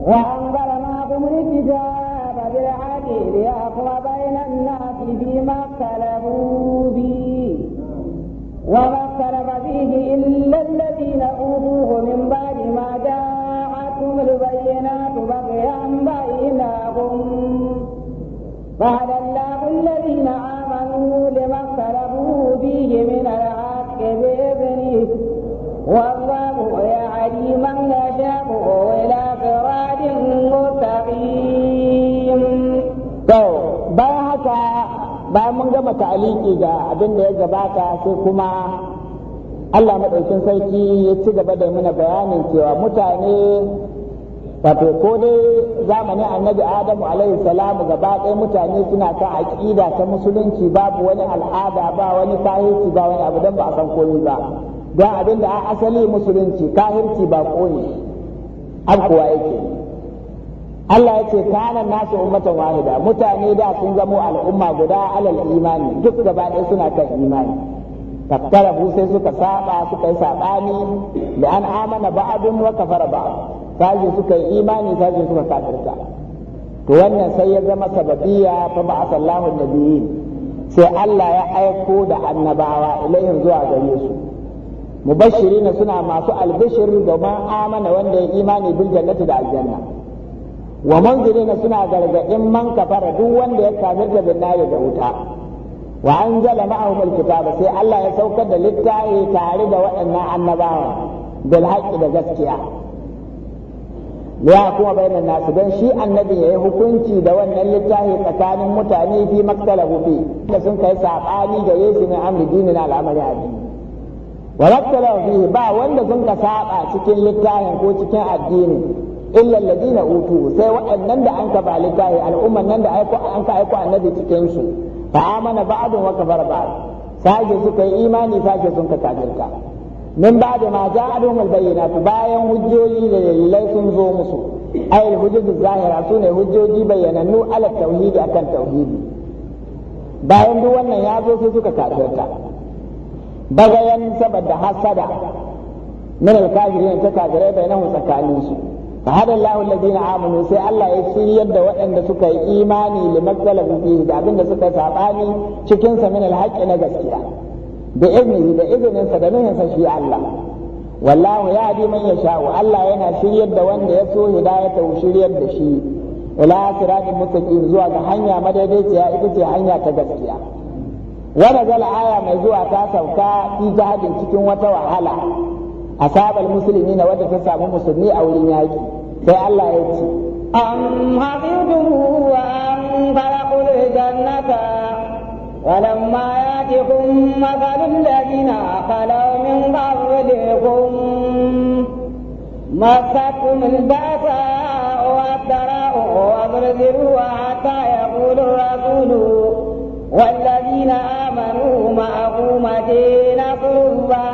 وأنظرنا بهم الكتاب بالحق ليحكم بين الناس فيما اختلفوا به وما اختلف فيه إلا الذين أوتوه من بعد ما جاءتهم البينات بغيا بينهم بعد الله الذين آمنوا لما اختلفوا به من الحق بإذنه من bayan haka bayan mun gama ta'aliki ga abin da ya gabata sai kuma Allah maɗaukin sarki ya ci gaba da mana bayanin cewa mutane wato ko dai zamanin annabi adamu alaihi salamu gaba ɗaya mutane suna ta aƙida ta musulunci babu wani al'ada ba wani sahihi ba wani abu don ba a san koyi ba don abin da asali musulunci kahirci ba koyi kuwa yake Allah ya ce kana nasu ummatan wahida mutane da sun zamo al'umma guda alal imani duk gaba ɗaya suna kan imani fakkarabu sai suka saba suka yi sabani da an amana ba'adun wa kafara ba sajin suka yi imani sajin suka kafirta to wannan sai ya zama sababiya fa ba sallahu nabiyyi sai Allah ya aiko da annabawa ilayhim zuwa gare su na suna masu albishir ga man amana wanda ya imani bil jannati da aljanna wa suna gargadin man kafara duk wanda ya da bin nari da wuta wa anzala ma'ahum alkitaba sai Allah ya saukar da littafi tare da waɗannan annabawa bil haqqi da gaskiya ya kuma bayanan nasu don shi annabi ya yi hukunci da wannan littafi tsakanin mutane fi maktalahu fi da sun kai saɓani da yesu min amri dinin al'amari addini wa ba wanda sun ka saba cikin littafin ko cikin addini illa alladina utu sai waɗannan da an ka ba littafi al'umman nan da an ka aiko annabi cikin su fa amana ba'dun wa kafar ba'd sake suka yi imani sake sun ka kafirka min ba da ma al albayyinat bayan hujjoji da dalilai sun zo musu ay hujjoji zahira sune hujjoji bayyanannu ala tauhidi akan tauhidi bayan duk wannan ya zo sai suka kafirta bagayan saboda hasada min alkafirin ta kafirai bainahum tsakanin su fa hada Allahu alladhina amanu sai Allah ya shiryar da waɗanda suka yi imani limaktalabu fihi da abinda suka sabani cikin sa min alhaqi na gaskiya da iznihi da izinin sa da nuhin sa shi Allah wallahu yahdi man yasha'u Allah yana shiryar da wanda ya so hidayata shiryar da shi ila siratin mustaqim zuwa ga hanya madaidaiciya ita ce hanya ta gaskiya wani zala aya mai zuwa ta sauka fi jihadin cikin wata wahala asabal musulmi na wata ta samu musulmi a wurin yaki, sai Allah ya ce an hafidu wa an farakul jannata walamma yatikum mathalul ladina khalaw min qablikum massakum al-ba'sa wa ad-dara'u wa zilzilu hatta yaqulu rasulu والذين na معه متين قربا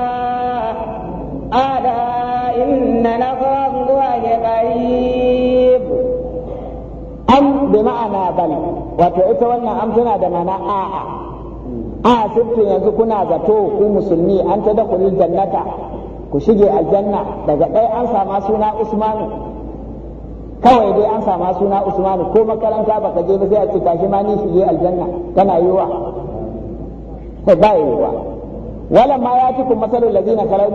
ألا إن نصر الله قريب أم بمعنى بل وتعتبرنا أم تنا دمنا آآ a sirtu yanzu kuna zato ku musulmi an ta da janata ku shige aljanna daga ɗaya an sama suna usmanu kawai dai an sama suna usmanu ko makaranta baka je ba sai a ce tashi ma ni shige aljanna tana yiwa sai ba yiwa wala ma ya ci kuma masalul na kalau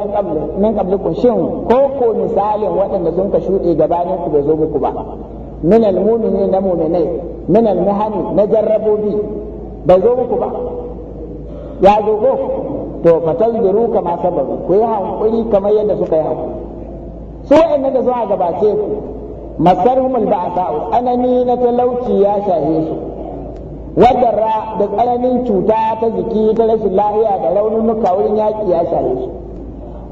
min qabl min ku shin ko ko misalin waɗanda sun ka shuɗe gabanin ku bai zo muku ba min almu'minin na mu'minai min almuhani na jarrabobi bai zo muku ba ya zo ko to ka kama sababu ku yi hankuri kamar yadda suka yi hankuri su waɗanda da zuwa gabace ku masarhum alba'sa anani na talauci ya shahe su ra da tsananin cuta ta jiki ta rashin lahiya da raununuka wurin yaƙi ya shahe su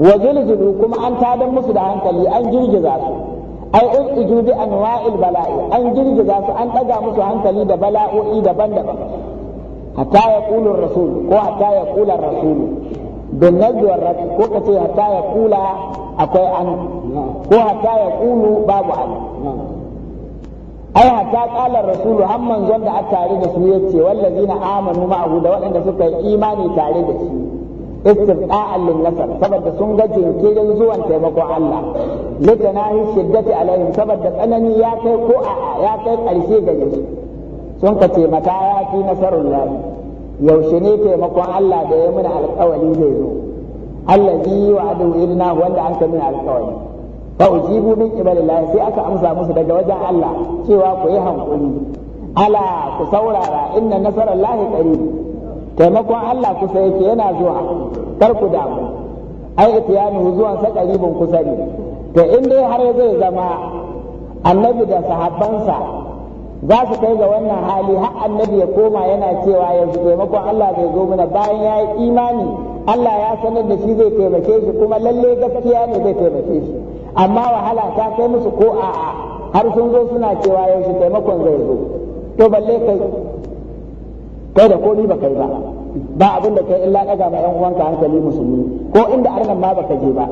wa zulzulu kuma an tadan musu da hankali an girgiza su ai uzu bi anwa'il bala'i an girgiza su an daga musu hankali da bala'o'i daban-daban hatta yaqulu rasul ko hatta yaqulu rasul don nazuwar rafi ko ka ce hatta ya kula akwai an ko hatta ya kulu babu an ai hatta kala rasulu har manzon da aka tare da su yace na amanu ma'ahu da waɗanda suka yi imani tare da shi istifda'an lin nasar saboda sun ga jinkirin zuwan taimakon Allah litanahi shiddati alaihim saboda tsanani ya kai ko a ya kai karshe da su sun ka mata ya fi nasarullahi yaushe ne taimakon Allah da ya mana alkawari zai zo allazi wa adu inna wanda an ka muna alkawali fa ujibu min ibadillah sai aka amsa musu daga wajen Allah cewa ku yi hankuli ala ku saurara inna nasarallahi qarib taimakon Allah kusa yake yana zuwa kar ku damu ai itiyanu zuwan sa qaribun kusa ne to in dai har zai zama annabi da sahabbansa za su kai ga wannan hali har annabi ya koma yana cewa yanzu taimakon Allah zai zo mana bayan ya yi imani Allah ya sanar da shi zai taimake shi kuma lalle gaskiya ne zai taimake shi amma wahala ta kai musu ko a'a har sun zo suna cewa yanzu taimakon zai zo to balle kai kai da komi ba kai ba ba abin da kai illa daga ma yan uwanka hankali musulmi ko inda arnan ma baka je ba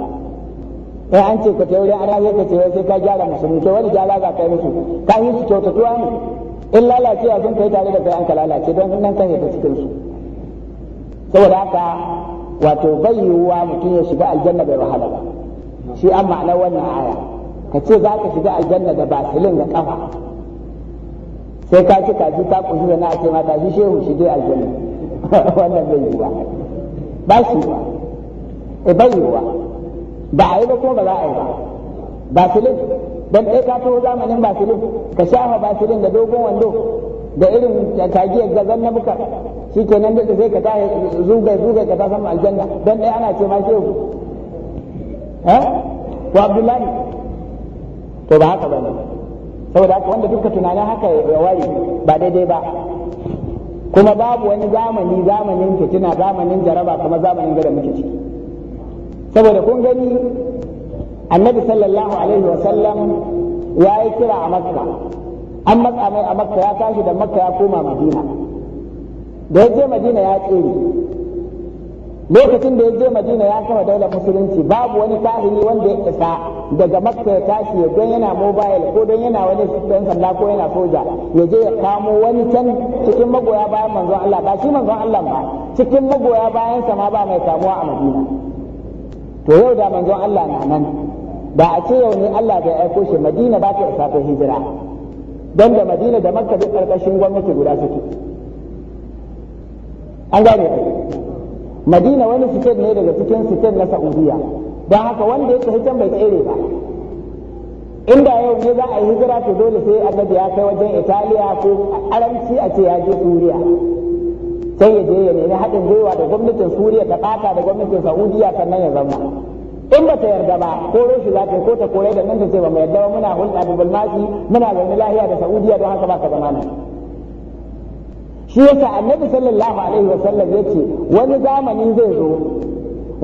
sai an ce ka ta a ana zai ka ce sai ka gyara musulmi to wani gyara za ka yi musu ka yi su kyautatuwa ne in lalacewa sun kai tare da kai an ka lalace don nan kan yadda cikin su saboda haka wato bai yiwuwa mutum ya shiga aljanna bai wahala ba shi an ma'anar wannan aya ka ce za ka shiga aljanna da basilin da kafa sai ka ci kaji ta kunshi da na a ce mata shi shehu shi dai aljanna wannan bai yiwuwa ba shi ba eh, bai yiwuwa ba a yi ba ko ba za a yi ba basilin don ɗaya ka taho zamanin basilin ka shafa basilin da dogon wando da irin kagiyar gazan na muka shi ke nan da sai ka tahe zugai zugai ka ta samu aljanna don ɗaya ana ce ma ke ku, ko abdullahi to ba haka bane saboda haka wanda duka tunanin haka ya waye ba daidai ba kuma babu wani zamani zamanin fitina zamanin jaraba kuma zamanin gada muke ciki saboda kun gani annabi sallallahu alaihi wa sallam ya yi kira a makka an matsa mai a makka ya tashi da makka ya koma madina da ya je madina ya tsere lokacin da ya je madina ya kama daular musulunci babu wani tahiri wanda ya isa daga makka ya tashi ya don yana mobile ko don yana wani dan sanda ko yana soja ya je ya kamo wani can cikin magoya bayan manzon Allah ba shi manzon Allah ba cikin magoya bayan sa ba mai kamuwa a madina to yau da manzon Allah na nan ba a ce yau ne Allah ya aiko shi Madina ba ta isa ta hijira don da Madina da Makka duk karkashin gwamnati guda suke an gane Madina wani sitet ne daga cikin sitet na Saudiya don haka wanda yake hijira bai tsere ba inda yau ne za a yi hijira to dole sai annabi ya kai wajen Italiya ko Aramci a ce ya je Suriya sai ya je ya nemi haɗin gwiwa da gwamnatin suriya ta ɓata da gwamnatin saudiya sannan ya zama in ba ta yarda ba ko roshi za ta ko ta kore da nan ta ce ba mu yarda ba muna hulɗa da bulmaki muna zaune lahiya da saudiya don haka ba ka zama nan shi yasa annabi sallallahu alaihi wa sallam yace wani zamani zai zo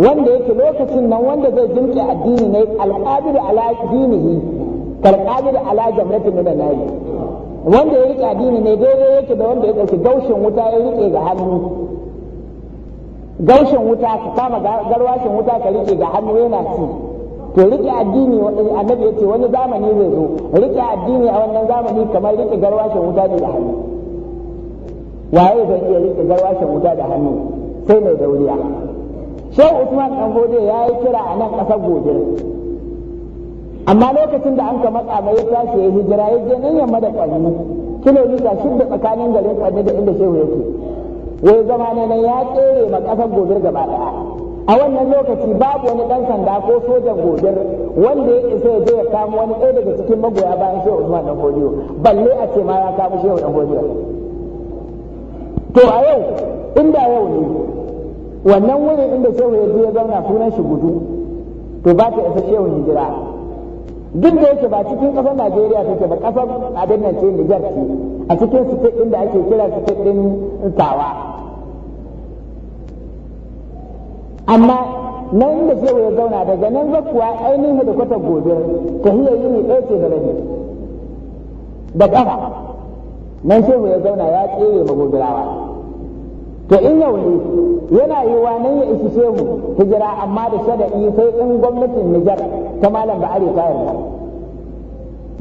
wanda yake lokacin nan wanda zai jinke addini ne alqadir ala dinihi kalqadir ala jamratin minan nabi wanda ya rike addini ne daidai yake da wanda ya ɗauki gaushin wuta ya rike ga hannu gaushin wuta ka kama garwashin wuta ka rike ga hannu yana ci to rike addini annabi ya ce wani zamani zai zo rike addini a wannan zamani kamar rike garwashin wuta ne da hannu waye zai iya rike garwashin wuta da hannu sai mai dauriya shehu usman dan ya yi kira a nan ƙasar gobe amma lokacin da an ka matsa mai ya tashi ya hijira ya je nan yamma da kwanni kilomita shida tsakanin garin kwanni da inda shehu yake ya zama ne nan ya tsere ma kasar gobir gaba ɗaya a wannan lokaci babu wani ɗan sanda ko sojan gobir wanda ya isa ya je ya kamo wani ɗaya daga cikin magoya bayan shehu usman ɗan godiyo balle a ce ma ya kamo shehu ɗan godiyo to a yau inda yau ne wannan wurin inda shehu ya je ya zauna sunan shi gudu to ba ta isa shehu hijira duk da yake ba cikin ƙasar Najeriya take ba ƙasar abin nan ce Niger ce a cikin state ɗin da ake kira state ɗin tawa amma nan da shehu ya zauna daga nan zakuwa ainihin da kwatar gobe ta hiyar yi ne ya ya tsere to in yau ne yana yi wa nan ya shehu mu hijira amma da shada'i sai in gwamnatin Nijar ta malam Ba'are ta yarda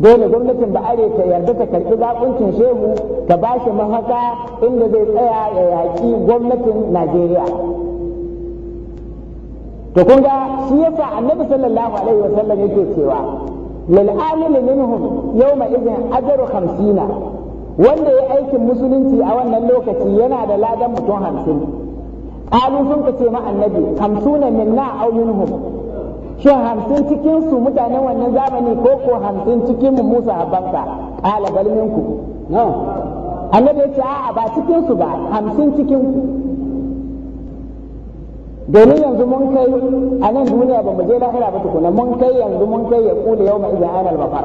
dole gwamnatin Ba'are ta yarda ta karɓi zaɓuncin shehu ta ba shi mahaka inda zai tsaya ya yaƙi gwamnatin Najeriya to kun ga shi yasa annabi sallallahu alaihi wa sallam yake cewa lil minhum yawma idhin ajru 50 wanda ya aikin musulunci a wannan lokaci yana da ladan mutum hamsin ƙalu sun ka ce ma annabi hamsuna minna auyin minhum shin hamsin cikin su mutanen wannan zamani ko ko hamsin cikin mu musa habanka ƙala bal minku annabi ya ce a'a ba cikin su ba hamsin cikin ku domin yanzu mun kai a nan duniya ba mu je lahira ba tukuna mun kai yanzu mun kai ya kula yau mai izan ainihin mafar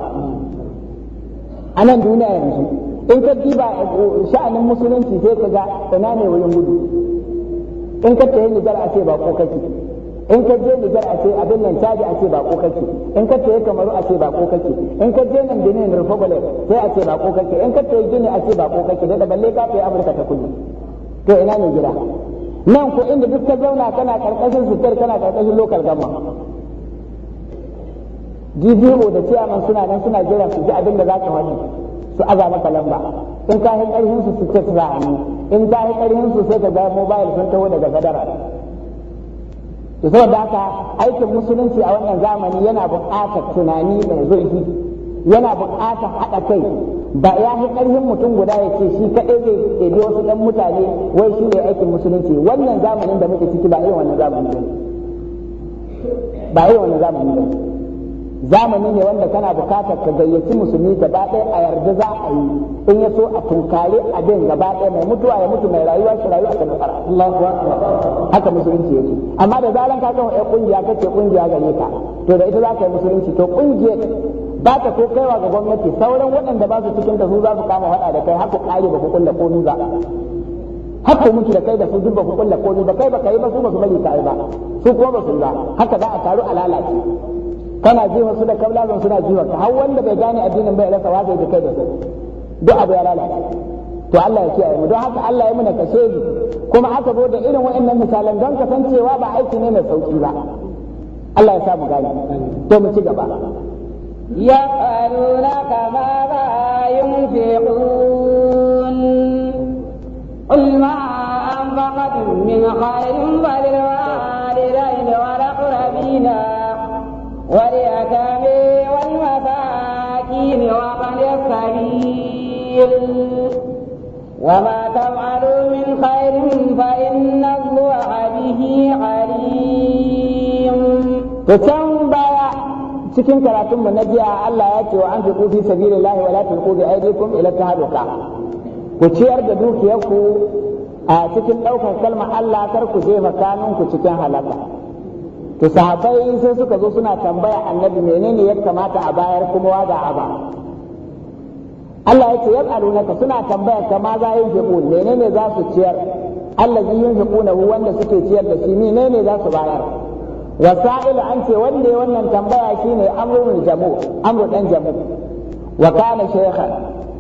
a nan duniya yanzu in ka diba eh, sha'anin musulunci sai ka ga ina ne wurin gudu in ka tafi Nijar a ce ba ko kake in ka je Nijar a ce abin nan taji a ce ba ko kake in ka tafi Kamaru a ce ba ko kake in ka je nan Benin Republic sai a ce ba ko kake in ka tafi Gini a ce ba ko kake da balle ka tafi Amurka ta Kudu to ina ne gida nan ko inda duk ka zauna kana karkashin sutar kana karkashin lokal gama GDO da ciyaman suna nan suna jira su ji abin da za ka faɗi su aza maka lamba in ka yi ƙarfin su su ce su za hannu in ka yi ƙarfin su sai ka ga mobile sun taho daga gadara to saboda haka aikin musulunci a wannan zamani yana buƙatar tunani mai zurfi yana buƙatar haɗa kai ba ya yi ƙarfin mutum guda ya ce shi kaɗai zai ɗebi wasu ɗan mutane wai shi ne aikin musulunci wannan zamanin da muke ciki ba irin wannan zamani ba irin wannan zamanin ba zamani ne wanda kana bukatar ka gayyaci musulmi gaba ɗaya a yarda za a yi in ya so a tunkari abin gaba ɗaya mai mutuwa ya mutu mai rayuwa shi rayuwa ta nasara haka musulunci yake amma da zaran ka kawo kungiya ƙungiya kace ƙungiya gare ka to da ita za ka yi musulunci to ƙungiyar ba ta ko kaiwa ga gwamnati sauran waɗanda ba su cikin ta su za su kama haɗa da kai haka ƙari ba ku kulla komi ba haka mutu da kai da su duk ba ku kulla komi kai ba ka yi ba su ba su bari ka yi ba su kuma ba su ba haka za a taru a lalace kana jiwa su da kablalon suna jiwa ka har wanda bai gane addinin bai rasa wazai da kai da su duk abu ya lalata to Allah ya kiyaye mu don haka Allah ya muna kashe ni kuma aka zo da irin wa'annan misalan don kasancewa ba aiki ne mai sauki ba Allah ya sa mu gane to mu ci gaba ya يسألونك ماذا ينفقون قل ما أنفقتم من خير فللوالدين والأقربين واليتامى والمساكين ومن السبيل وما تفعلوا من خير فإن الله به عليم cikin karatun mu na jiya Allah ya ce wa an fiku fi sabilillahi wa la tulqu bi aydikum ila tahluka ku ciyar da dukiyarku a cikin ɗaukar kalmar Allah kar ku jefa kanunku cikin halaka to sahabbai sai suka zo suna tambaya annabi menene ya kamata a bayar kuma wada a ba Allah ya ce yas'alunaka suna tambaya kama za yin fiqun menene za su ciyar allazi yunfiquna wanda suke ciyar da shi menene za su bayar wasa'il an ce wanda ya wannan tambaya shine amrun jamu amru dan jamu wa kana shaykhan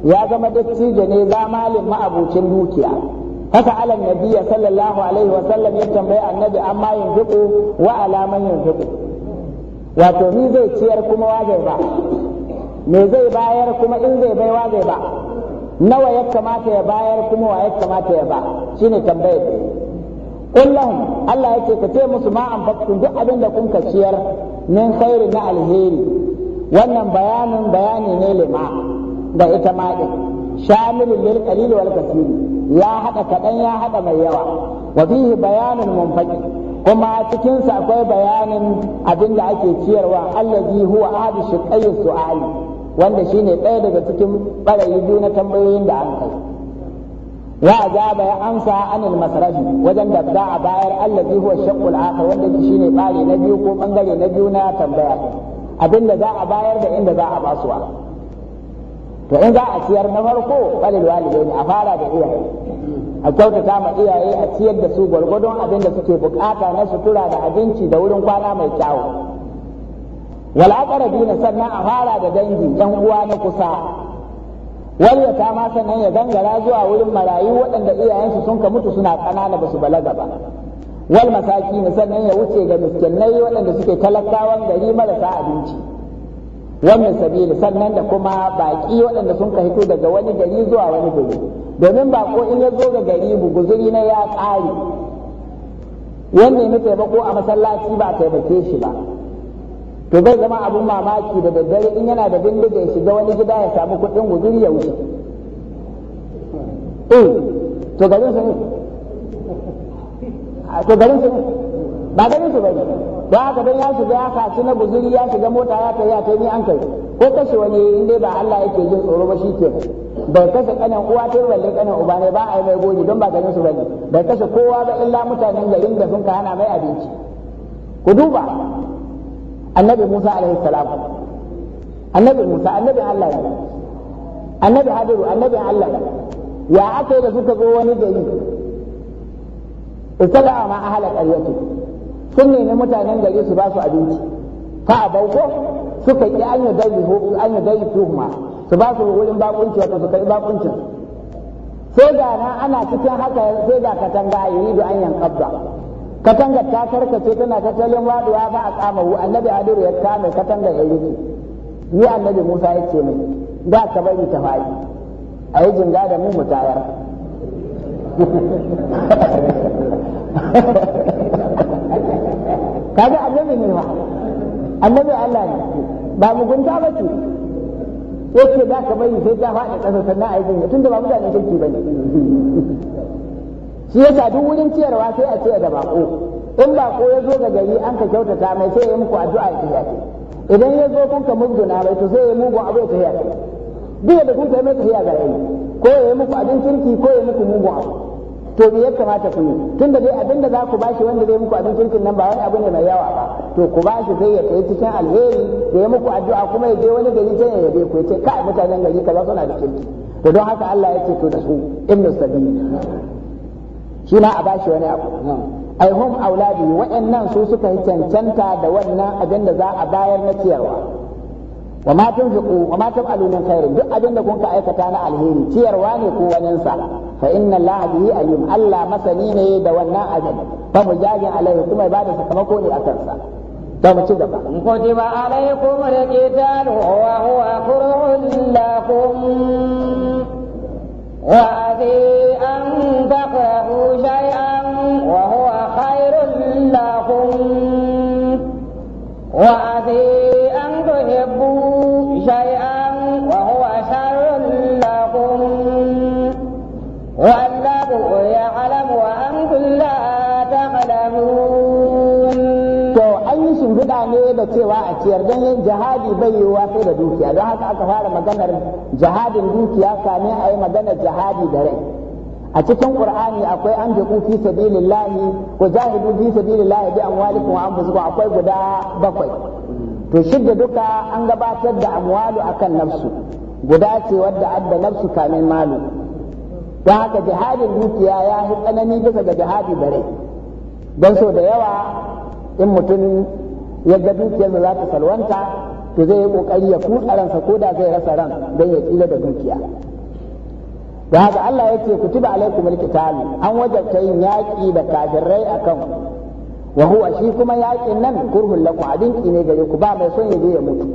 ya zama dattijo ne za malin ma'abucin dukiya فسأل النبي صلى ya tambayi annabi amma النبي عما wa alaman من ينفقه wato ni zai ciyar kuma wa zai ba me zai bayar kuma in zai bai waje ba nawa ya kamata ya bayar kuma wa ya kamata ya ba shine tambayar kullum Allah yake ka ce musu ma duk abin da kun ka ciyar min khairi na alheri wannan bayanin bayani ne lima da ita ma shamilun lil qalil ya hada kaɗan ya haɗa mai yawa wa bayanin bayanun munfaqi kuma cikin sa akwai bayanin abinda ake ciyarwa allazi huwa ahadu shiqayyi su'al wanda shine ɗaya daga cikin barayi biyu na tambayoyin da an kai wa ajaba ya amsa anil masrafi wajen da za a bayar allazi huwa shaqqul akhar wanda shine bare na biyu ko bangare na biyu na tambaya abinda za a bayar da inda za a basu basuwa to in za a ciyar na farko falil walidai a fara da iyaye a kyautata ma iyaye a ciyar da su gwargwadon abin da suke bukata na sutura da abinci da wurin kwana mai kyawu wal na sannan a fara da dangi yan uwa na kusa wal ma sannan ya gangara zuwa wurin marayu waɗanda iyayensu sun ka mutu suna ƙanana ba su balaga ba wal masakin sannan ya wuce ga miskinai waɗanda suke talakawan gari marasa abinci wannan sabili sannan da kuma baƙi waɗanda sun hito daga wani gari zuwa wani gari domin ba ko in ya zo ga gari guzuri na ya ƙare wanda ne taimako a masallaci ba taimake shi ba to zai zama abun mamaki da daddare in yana da bindiga ya shiga wani gida ya samu kudin guzuri ya wuce eh to garin su ne to garin su ba garin su ba Ba haka don ya shiga ya kaci na guzuri ya shiga mota ya kai ya kai ni an kai ko kashe wani in dai ba Allah yake jin tsoro ba shike ba kashe kanin uwa ta balle kanin uba ne ba a yi mai goni don ba ganin su bane ba kashe kowa ba illa mutanen garin da sun ka hana mai abinci ku duba annabi Musa alaihi salam annabi Musa annabi Allah ne annabi Hadiru annabi Allah ne ya aka yi da suka zo wani gari istala'a ma ahla qaryati sun nemi mutanen gari su ba su abinci fa a ko suka ki an yi dai an yi dai tuhuma su ba su wurin bakunci wato su kai bakunci sai ga na ana cikin haka sai ga katanga a yi da an kabba katanga ta karkace tana tattalin waduwa ba a kamahu annabi hadiru ya kame katanga ya yi yi annabi musa ya ce mai da ka bari ta fadi a yi jinga da mu mutayar kaga annabi ne ma annabi Allah ne ba mugunta ba ce yake za ka bari sai ta faɗi ƙasa sannan a yi jinya tunda ba mutane kirki ba ne shi yasa duk wurin ciyarwa sai a ciyar da bako in bako ya zo ga gari an ka kyautata mai sai ya muku addu'a ya tafi idan ya zo kun ka mugduna mai to sai ya mugu abu ya tafi duk da kun ka yi mai tafiya ga yi ko ya yi muku abin kirki ko ya yi muku mugu abu to me ya kamata ku yi tunda dai abinda za ku bashi wanda zai muku abin kirkin nan ba wani abu ne mai yawa ba to ku bashi sai ya kai cikin alheri da ya muku addu'a kuma ya je wani gari can ya yabe ku ya ce kai mutanen gari kaza suna da kirki to don haka Allah ya ce to da su ibnu sabil shi ma a bashi wani abu ai hum auladi waɗannan su suka yi cancanta da wannan abin da za a bayar na ciyarwa wa ma tunfiqu wa ma taf'alu min khairin duk abinda kun ka aikata na alheri ciyarwa ne ko wanin sa fa inna allaha bihi alim allah masani ne da wannan ajal fa mujajin alaihi kuma ba da sakamako ne akan sa da mu ci gaba kutiba alaikum alqital wa huwa qur'un lakum wa abi an taqrahu shay'an wa huwa khairun lakum wa abi da cewa a ciyar don yin jihadi bai yi sai da dukiya don haka aka fara maganar jihadin dukiya kame a yi maganar jihadi da rai a cikin qur'ani akwai an bi fi sabilillahi ko jahidu fi sabilillahi bi amwalikum wa anfusikum akwai guda bakwai to shidda duka an gabatar da amwalu akan nafsu guda ce wadda adda nafsu kamin malu don haka jihadin dukiya ya fi tsanani bisa ga jihadi da rai don so da yawa in mutum ya ga dukiyarsa za ta salwanta to zai yi kokari ya kutsa ransa ko da zai rasa ran don ya tsira da dukiya da haka Allah ya ce kutiba alaikum alqital an wajabta yin yaƙi da kafirai akan wa huwa shi kuma yaƙin nan kurhun lakum abinki ne gare ku ba mai son ya je ya mutu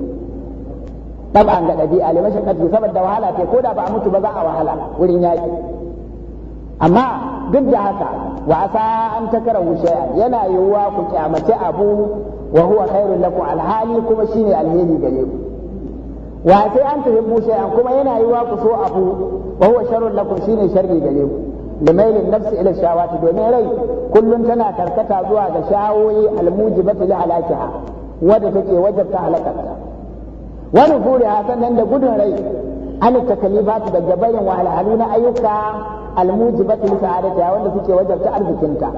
tab'an ga dabi'a le mashaqqati saboda wahala ce ko da ba a mutu ba za a wahala wurin yaƙi amma duk da haka wasa asa an takara shay'an yana yiwuwa ku kyamace abu wa huwa khairul alhali kuma shine alheri gare ku wa sai an tuhibbu shay'an kuma yana yiwa kuso so abu wa huwa sharrul lakum shine sharri gare ku limailin nafsi ila shawati domin rai kullum tana karkata zuwa ga shawoyi almujibatu li halakiha wadda take wajabta halakarta wani furiha sannan da gudun rai an takalifatu daga bayin wahalhalu na ayyuka almujibatu li sa'adatiha wanda suke wajabta arzikinta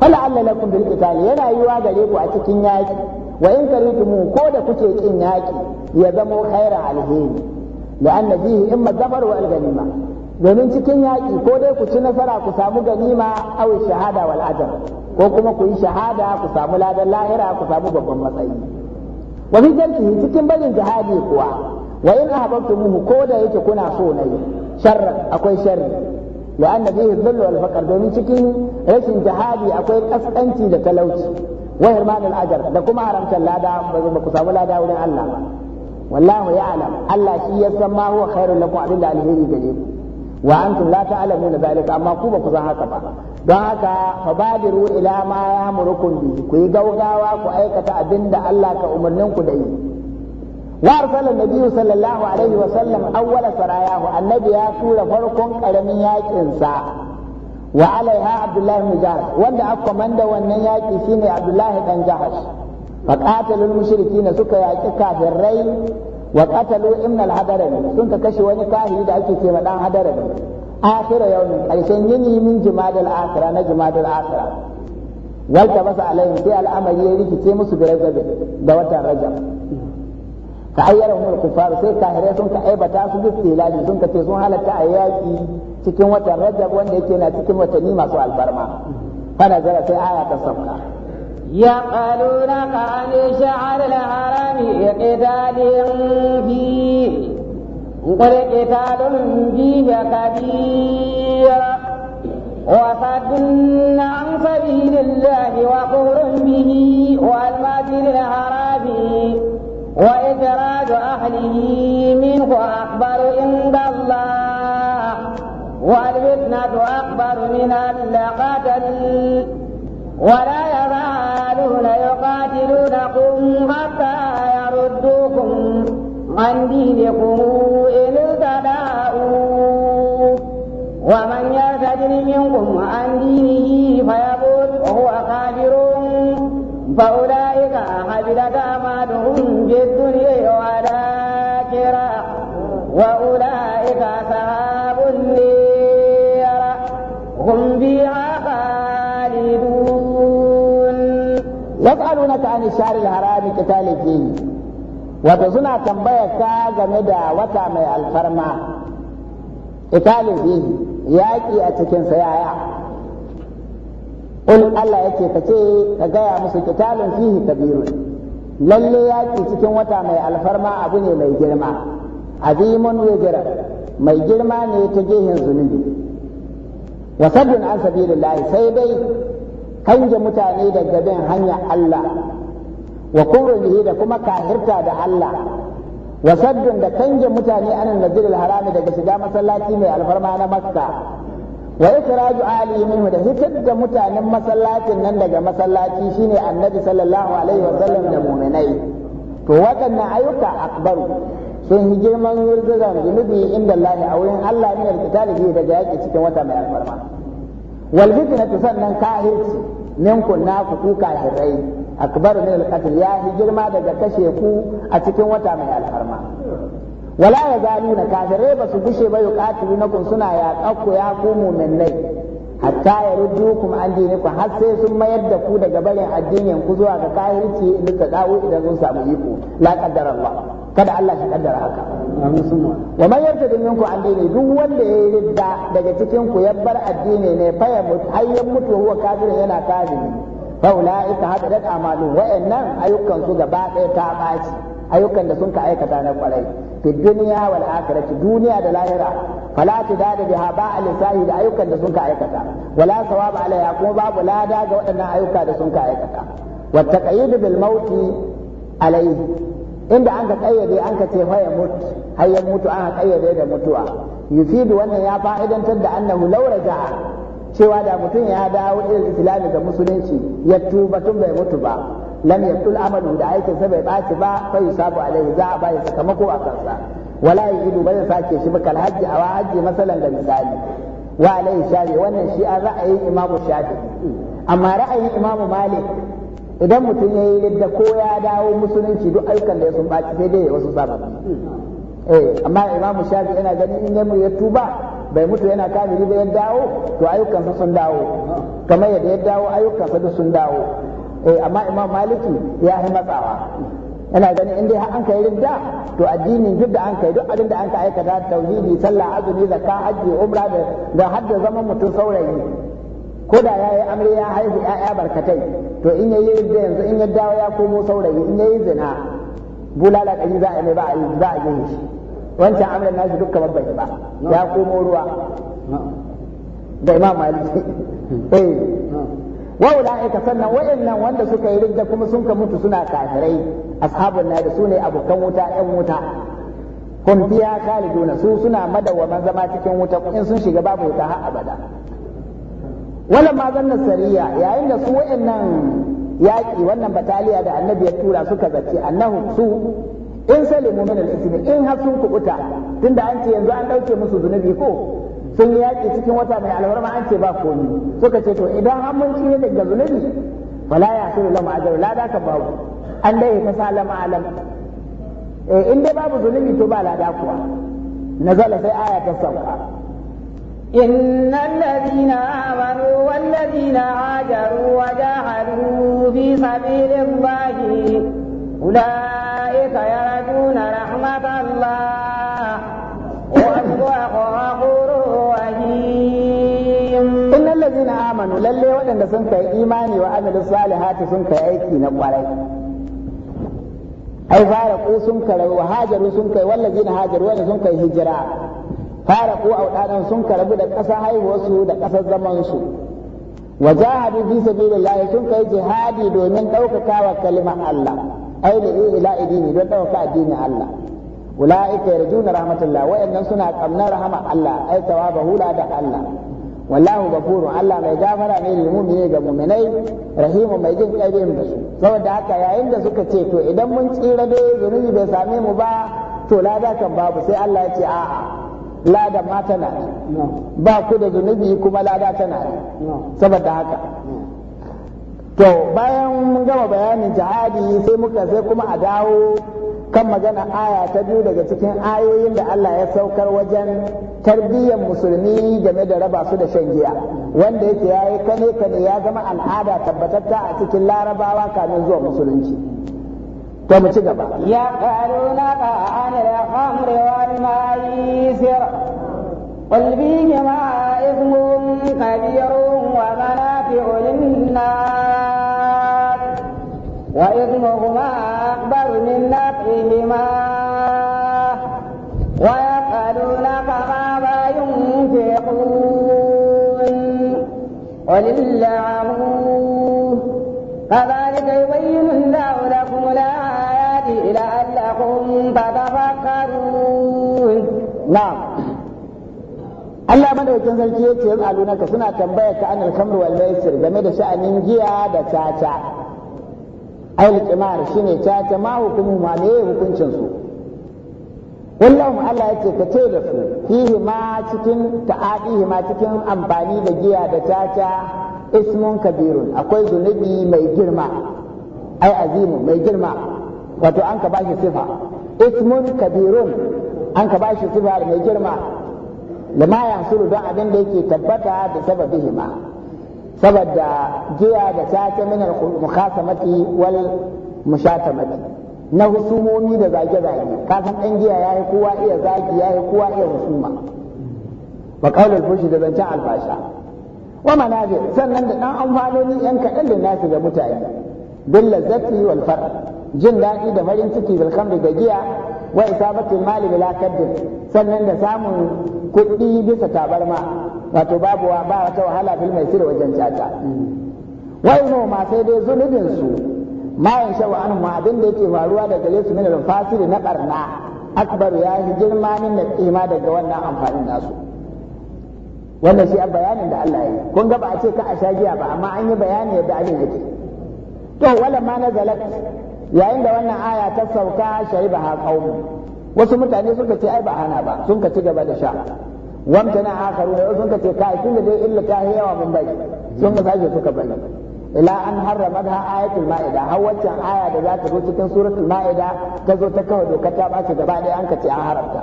fala alla lakum bil qital yana yiwa gare ku a cikin yaki wa in karitumu ko da kuke kin yaki ya zamo khairan alheri la'anna fihi imma zafar wa al ganima, domin cikin yaki ko dai ku ci nasara ku samu ganima aw shahada wal ajr ko kuma ku yi shahada ku samu ladan lahira ku samu babban matsayi wa fi cikin barin jihadi kuwa wa in ahbabtumuhu ko da yake kuna so nayi sharra akwai sharri لأن فيه الذل والفقر domin cikin rashin jihadi akwai kaskanci da talauci wa hirmanul ajr da kuma haramtar lada ba ku samu lada wurin Allah ba wallahu ya'lam Allah shi ya san a ma huwa khairul abin da alheri gare ku wa antum alamu ta'lamuna zalika amma ku ba ku san haka ba don haka fabadiru ila ma ya'murukum bi ku yi gaugawa ku aikata abinda Allah ka umarnin ku da yi wa arsala nabi sallallahu alaihi wa sallam awwala sarayahu annabi ya tura farkon karamin yakin sa wa alaiha abdullahi ibn wanda aka komanda wannan yaki shine abdullahi Ɗan jahash fa qatalul mushrikin suka yaki kafirai wa qatalu ibn al sun ta kashe wani kahiri da ake cewa dan hadarani akhira yawmin karshen yini min jumadal akhira na jumadal akhira walta basa alaihim sai al'amari ya rikice musu bi da watan rajab تعيرهم الكفار سي كاهرين سنك عيبة تاسو جفت هلال سنك تسون على كأياكي تكن وترجب وان ديكينا تكن وتنيمة سؤال برما فنزل في آية الصفقة يقالون قال شعر الحرم قتال فيه قل قتال فيه كبير وصد عن سبيل الله وكفر به والمسجد الحرام وإن درجات أهله منه أكبر عند الله والفتنة أكبر من القتل ولا يزالون يقاتلونكم حتى يردوكم عن دينكم إن ابتداؤوا ومن يرتد منكم عن دينه فيقول هو كافر فأولئك ka habila ka ma dun yi wa wa ula biya Wasu ta wato suna tambaya ka game da wata mai alfarma. Italifi yaƙi a cikin sayaya. yaya. qul Allah ya ka ce ka gaya musu kitalin fihi Kabiru. Lallai yaki cikin wata mai alfarma abu ne mai girma azimun wajira mai girma ne ta gehen zunubi wa sabbin an sabilillahi sai dai kange mutane da bin hanya Allah wa kurrihi da kuma kahirta da Allah wa sabbin da kange mutane anan naziril harami daga shiga masallaci mai alfarma na makka wa ikraju ali da hitar da mutanen masallacin nan daga masallaci shine annabi sallallahu alaihi wa da mu'minai to waɗannan ayyuka akbaru sun yi girman zurzuzan zunubi inda Allah a wurin Allah ne da zai daga yake cikin wata mai alfarma wal fitnatu sannan kahirci minkun na ku ku kafirai akbaru min alqatl ya yi girma daga kashe ku a cikin wata mai alfarma wala ya zalu na kafirai ba su gushe ba yuqatilu nakum suna ya ku ya ku mu'minai hatta yaruddukum an dinikum har sai sun mayar da ku daga barin addinin ku zuwa ga kafirci in ta dawo idan sun samu iko la qaddara Allah kada Allah shi kaddara haka wa man yartad minkum an duk wanda ya yi ridda daga cikin ku ya bar addini ne fa ya mutu ayyan mutu huwa kafirin yana kafiri fa ulaika hadadat amalu wa'annan ayyukan su gaba ɗaya ta ɓaci ayyukan da sun ka aikata na kwarai fi duniya wal akhirati duniya da lahira fala tidada biha ba alisahi da ayyukan da sun ka aikata wala sawaba alaiha kuma babu lada ga waɗannan ayyuka da sun ka aikata wa taqayyid bil mauti alaihi inda an ka kayyade an ka ce ya mutu har mutu an kayyade da mutuwa yufidu wannan ya fa'idantar da annahu law raja'a cewa da mutum ya dawo irin islami da musulunci ya tuba tun bai mutu ba lam yabtul amalu da aikin sa bai baci ba fa yusabu alaihi za a bai sakamako a kansa wala yajidu bai sake shi ba kal hajji aw hajji masalan da misali wa alaihi shari wannan shi an ra'ayin imamu shafi. amma ra'ayin imamu malik idan mutum ya yi lidda ko ya dawo musulunci duk aikan da ya sun baci sai dai wasu sababbi eh amma imamu shafi yana ganin in mu ya tuba bai mutu yana kafiri ba ya dawo to ayyukansa sun dawo kamar yadda ya dawo ayyukansa duk sun dawo eh amma imam maliki ya yi matsawa yana ganin inda dai an kai ridda to addinin duk da an kai duk abin da an ka aikata tauhidi sallah azumi zakka hajji umra da da hadda zaman mutum saurayi ko da yayi amri ya haihu ya'ya barkatai to in yayi ridda yanzu in ya dawo ya komo saurayi in yayi zina bulala kaji za a mai ba a za a gani shi wancan amran nashi babban ba ya komo ruwa da imam maliki hmm. eh wa ula'ika sannan wa'annan wanda suka yi ridda kuma sun mutu suna kafirai ashabun na da su ne abokan wuta yan wuta kun fiya kaliduna su suna madawwaman zama cikin wuta in sun shiga babu wuta har abada wala ma zanna sariya yayin da su wa'annan yaƙi wannan bataliya da annabi ya tura suka zace annahu su in salimu min al in har sun kubuta tunda an ce yanzu an dauke musu zunubi ko sun yaƙi cikin wata mai ma an ce ba komi suka ce to idan an mun tsire daga zunubi wala ya sulu lam ajr la da ka babu an dai ta salama alam eh in dai babu zunubi to ba lada kuwa nazala sai aya ta sauka إن الذين آمنوا والذين هاجروا وجاهدوا في سبيل الله أولئك يرجون رحمة الله waɗanda sun kai imani wa amilu salihati sun kai aiki na ƙwarai ai fara ku sun kai wa hajaru sun kai wallazi na hajaru wanda sun kai hijira fara ku audanan sun karabu da ƙasa haihuwarsu da ƙasar zamansu wa jahadu fi sabilillahi sun kai jihadi domin ɗaukakawa kalmar Allah ai da ila idini don ɗaukaka addinin Allah ulaika yarjuna rahmatullah wa'annan suna ƙamnar rahama Allah ai tawabahu la da Allah wallahu gafurun Allah mai gafara ne lil mu'mini ga mu'minai rahimu mai jin kai da su saboda haka yayin da suka ce to idan mun tsira dai zunubi bai same mu ba to lada kan babu sai Allah ya ce a'a lada ma tana ba ku da zunubi kuma lada tana saboda haka to bayan mun gama bayanin jihadi sai muka sai kuma a dawo kan magana aya ta biyu daga cikin ayoyin da Allah ya saukar wajen tarbiyyar musulmi game da raba su da shan giya wanda yake yayi kane kane ya zama al'ada tabbatatta a cikin larabawa kamin zuwa musulunci to mu ci gaba ya qaluna ka anil khamri wal maisir qul bihi ma ismun kabirun wa manafi'un lin-nas wa ismuhuma الماء ويسألونك ماذا ينفقون قل كذلك يبين الله لكم الآيات لعلكم تتفكرون نعم Allah madaukin sarki ya ce yas'alunaka suna tambaya ka anil khamr wal game da sha'anin giya da caca ayyul shi ne ta ta ma hukumu ma ne hukuncin su wallahu Allah ce ka ce da su fihi ma cikin ta'adihi ma cikin amfani da giya da caca. ismun kabirun akwai zunubi mai girma ai azimu mai girma wato an ka bashi sifa ismun kabirun an ka bashi sifa mai girma lama yahsulu don abin da yake tabbata da sababihima saboda giya da caca min al wal mushatamati na husumomi da zage-zage kasan ɗan giya ya yi kowa iya zagi ya yi kowa iya husuma ba kaular fushi da zancen albasha wa manazir sannan da ɗan amfanoni yan kaɗan da nasu ga mutane bin lazzati wal farq jin daɗi da farin ciki bil khamr da giya wa isabatul mali bila sannan da samun kuɗi bisa tabarma wato babu wa ba wata wahala fil mai sirri wajen caca wai no ma sai dai zunubin su ma in shawa an mu abin da yake faruwa da gare su min fasiri na karna. akbar ya yi girma min na kima daga wannan amfanin nasu wannan shi a bayanin da Allah ya yi kun ga ba a ce ka a sha giya ba amma an yi bayani yadda abin yake to wala ma na zalat yayin da wannan aya ta sauka shariba ha wasu mutane suka ce ai ba hana ba sun ka ci gaba da sha wamta na akaru da sun ka ce kai da dai illa ta yawa mun bai sun ka sake suka bani ila an harrama da ayatul ma'ida har waccan aya da za ta zo cikin suratul ma'ida ta zo ta kawo doka ta ba gaba ɗaya an ka ce an haramta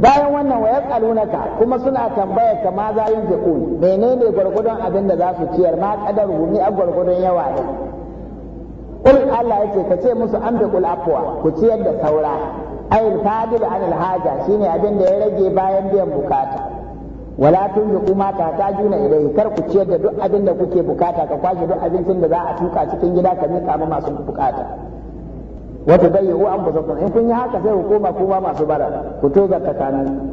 bayan wannan wa yasalunaka kuma suna tambaya ka ma za yin fiqun menene gwargwadon abin da za su ciyar ma kadar ni a gwargwadon yawa ne kul Allah yace kace musu an kul afwa ku ciyar da saura ayil fadil anil haja shine abin da ya rage bayan biyan bukata wala tun ta ta juna ilayhi kar ku ciyar da duk abin da kuke bukata ka kwashe duk abincin da za a tuka cikin gida ka mika ma masu bukata wato bai yiwu an fusa in kun yi haka sai hukuma kuma masu bara ku to zakka kanan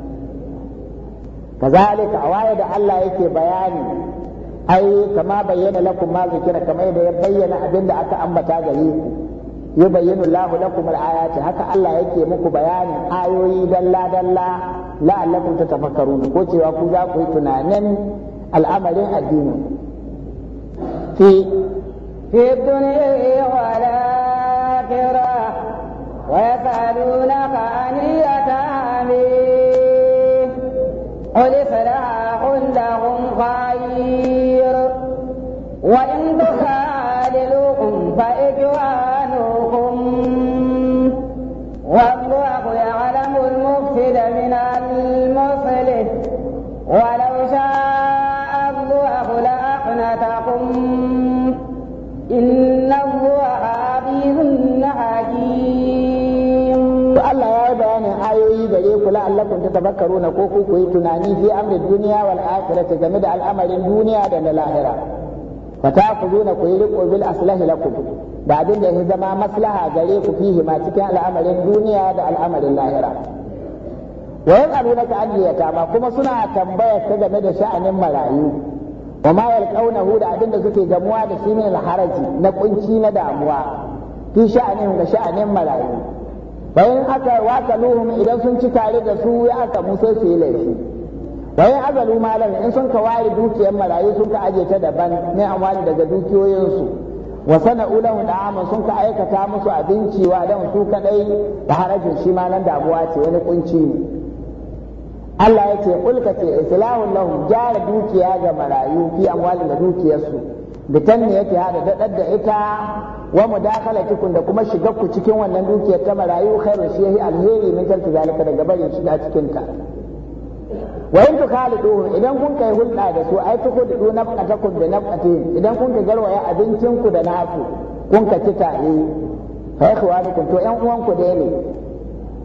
kazalika a waye da Allah yake bayani ai kama bayyana lakum ma zikira kamar da ya bayyana abin da aka ambata gare ku يبين الله لكم الآيات هكا الله يكي مكو بيان آيوي دلا دلا لا لكم تتفكرون قوتي وكوزا قوتنا نن الأمل الدين في في الدنيا والآخرة ويفعلون عن يتامي قل صلاح لهم خير وإن تخاللوهم فإجوار والله يعلم المفسد من المصلح ولو شاء الله لأحنتكم إن الله عبيد حكيم الله يبان آيه جليك لا لكم تتفكرون كوكو تناني في أمر الدنيا والآخرة تجمد الأمر الدنيا دون الآخرة فتأخذون كويلك بالأسلحة لكم Ba abin da ya zama maslaha gare ku fihi ma cikin al'amarin duniya da al'amarin lahira wa ka aliyata ma kuma suna tambaya ta game da sha'anin marayu wa ma yalqawnahu da abin da suke gamuwa da shi min haraji na kunci na damuwa fi sha'anin da sha'anin marayu bayan aka wakaluhum idan sun ci tare da su ya aka musa su yi laifi bayan azalu malam in sun ka ware dukiyar marayu sun ka aje ta daban ne amwali daga dukiyoyinsu wa sana'u lahu da'ama sun ka aikata musu abinci wa dan su kadai da harajin shi ma nan damuwa ce wani kunci ne Allah ya ce ulka ce islahun lahum jara dukiya ga marayu fi amwalin da dukiyarsu bitan ne yake hada dadar da ita wa mudakala tukun da kuma shiga ku cikin wannan dukiyar ta marayu khairu shi alheri min tarki zalika daga barin shiga cikin ta wa in tu khalidu idan kun kai hulɗa da su ai tuku da na kun da nafqatihim idan kun ka garwaya abincin ku da naku kun ka ci tare fa ikhwanukum to ƴan uwanku da ne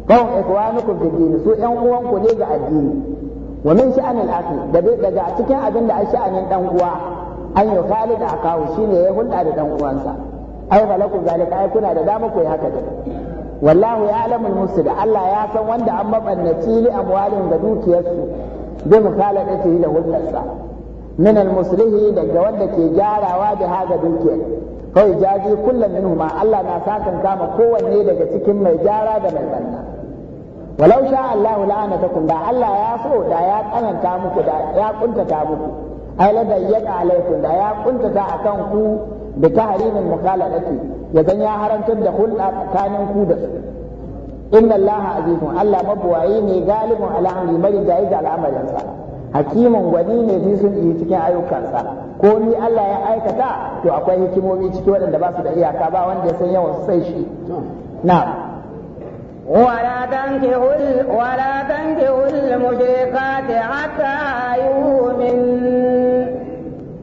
kawai ikhwanukum bi din su ƴan uwanku ne ga addini wa min al akhi da daga cikin abin da a sha'anin dan uwa an yi khalid akawu shine ya hulɗa da dan uwansa ai malakum zalika ai kuna da dama ku yi haka da wallahu ya'lamu musu da Allah ya san wanda an mabannaci li amwalin ga dukiyarsu bi mukhalafatihi da hullarsa min al-muslihi daga wanda ke gyarawa da haga dukiyar kawai jaji kullum minhuma Allah na sakan kama kowanne daga cikin mai gyara da mai banna walau sha Allah la'anatakum da Allah ya so da ya tsananta muku da ya kuntata muku ai la alaikum da ya kuntata akan ku da tahrimin mukhalafati ya zan ya harantar da hulɗa tsakanin ku da su inna allaha azizun allah mabuwayi ne galibin al'amri mari da yake al'amarinsa hakimin gwani ne fi sun yi cikin ayyukansa ko ni allah ya aikata to akwai hikimomi ciki waɗanda ba su da iyaka ba wanda ya san yawan sai shi na'am ولا تنكحوا ولا تنكحوا المشركات حتى يؤمن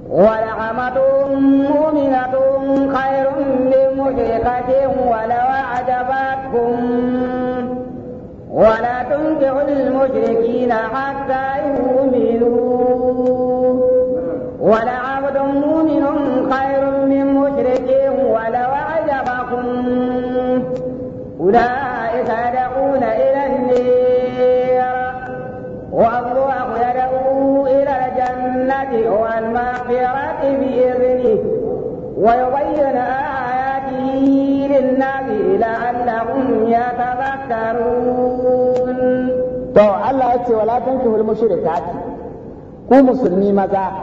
ولعمة مؤمنة خير من مشركة ولو أعجبتكم ولا تنكحوا المشركين حتى يؤمنوا ولعبد مؤمن خير من مشرك ولو أعجبكم أولئك الهداية والمغفرة بإذنه ويبين آياته للناس لعلهم يتذكرون to Allah ya ce wala tankihul mushrikati ku musulmi maza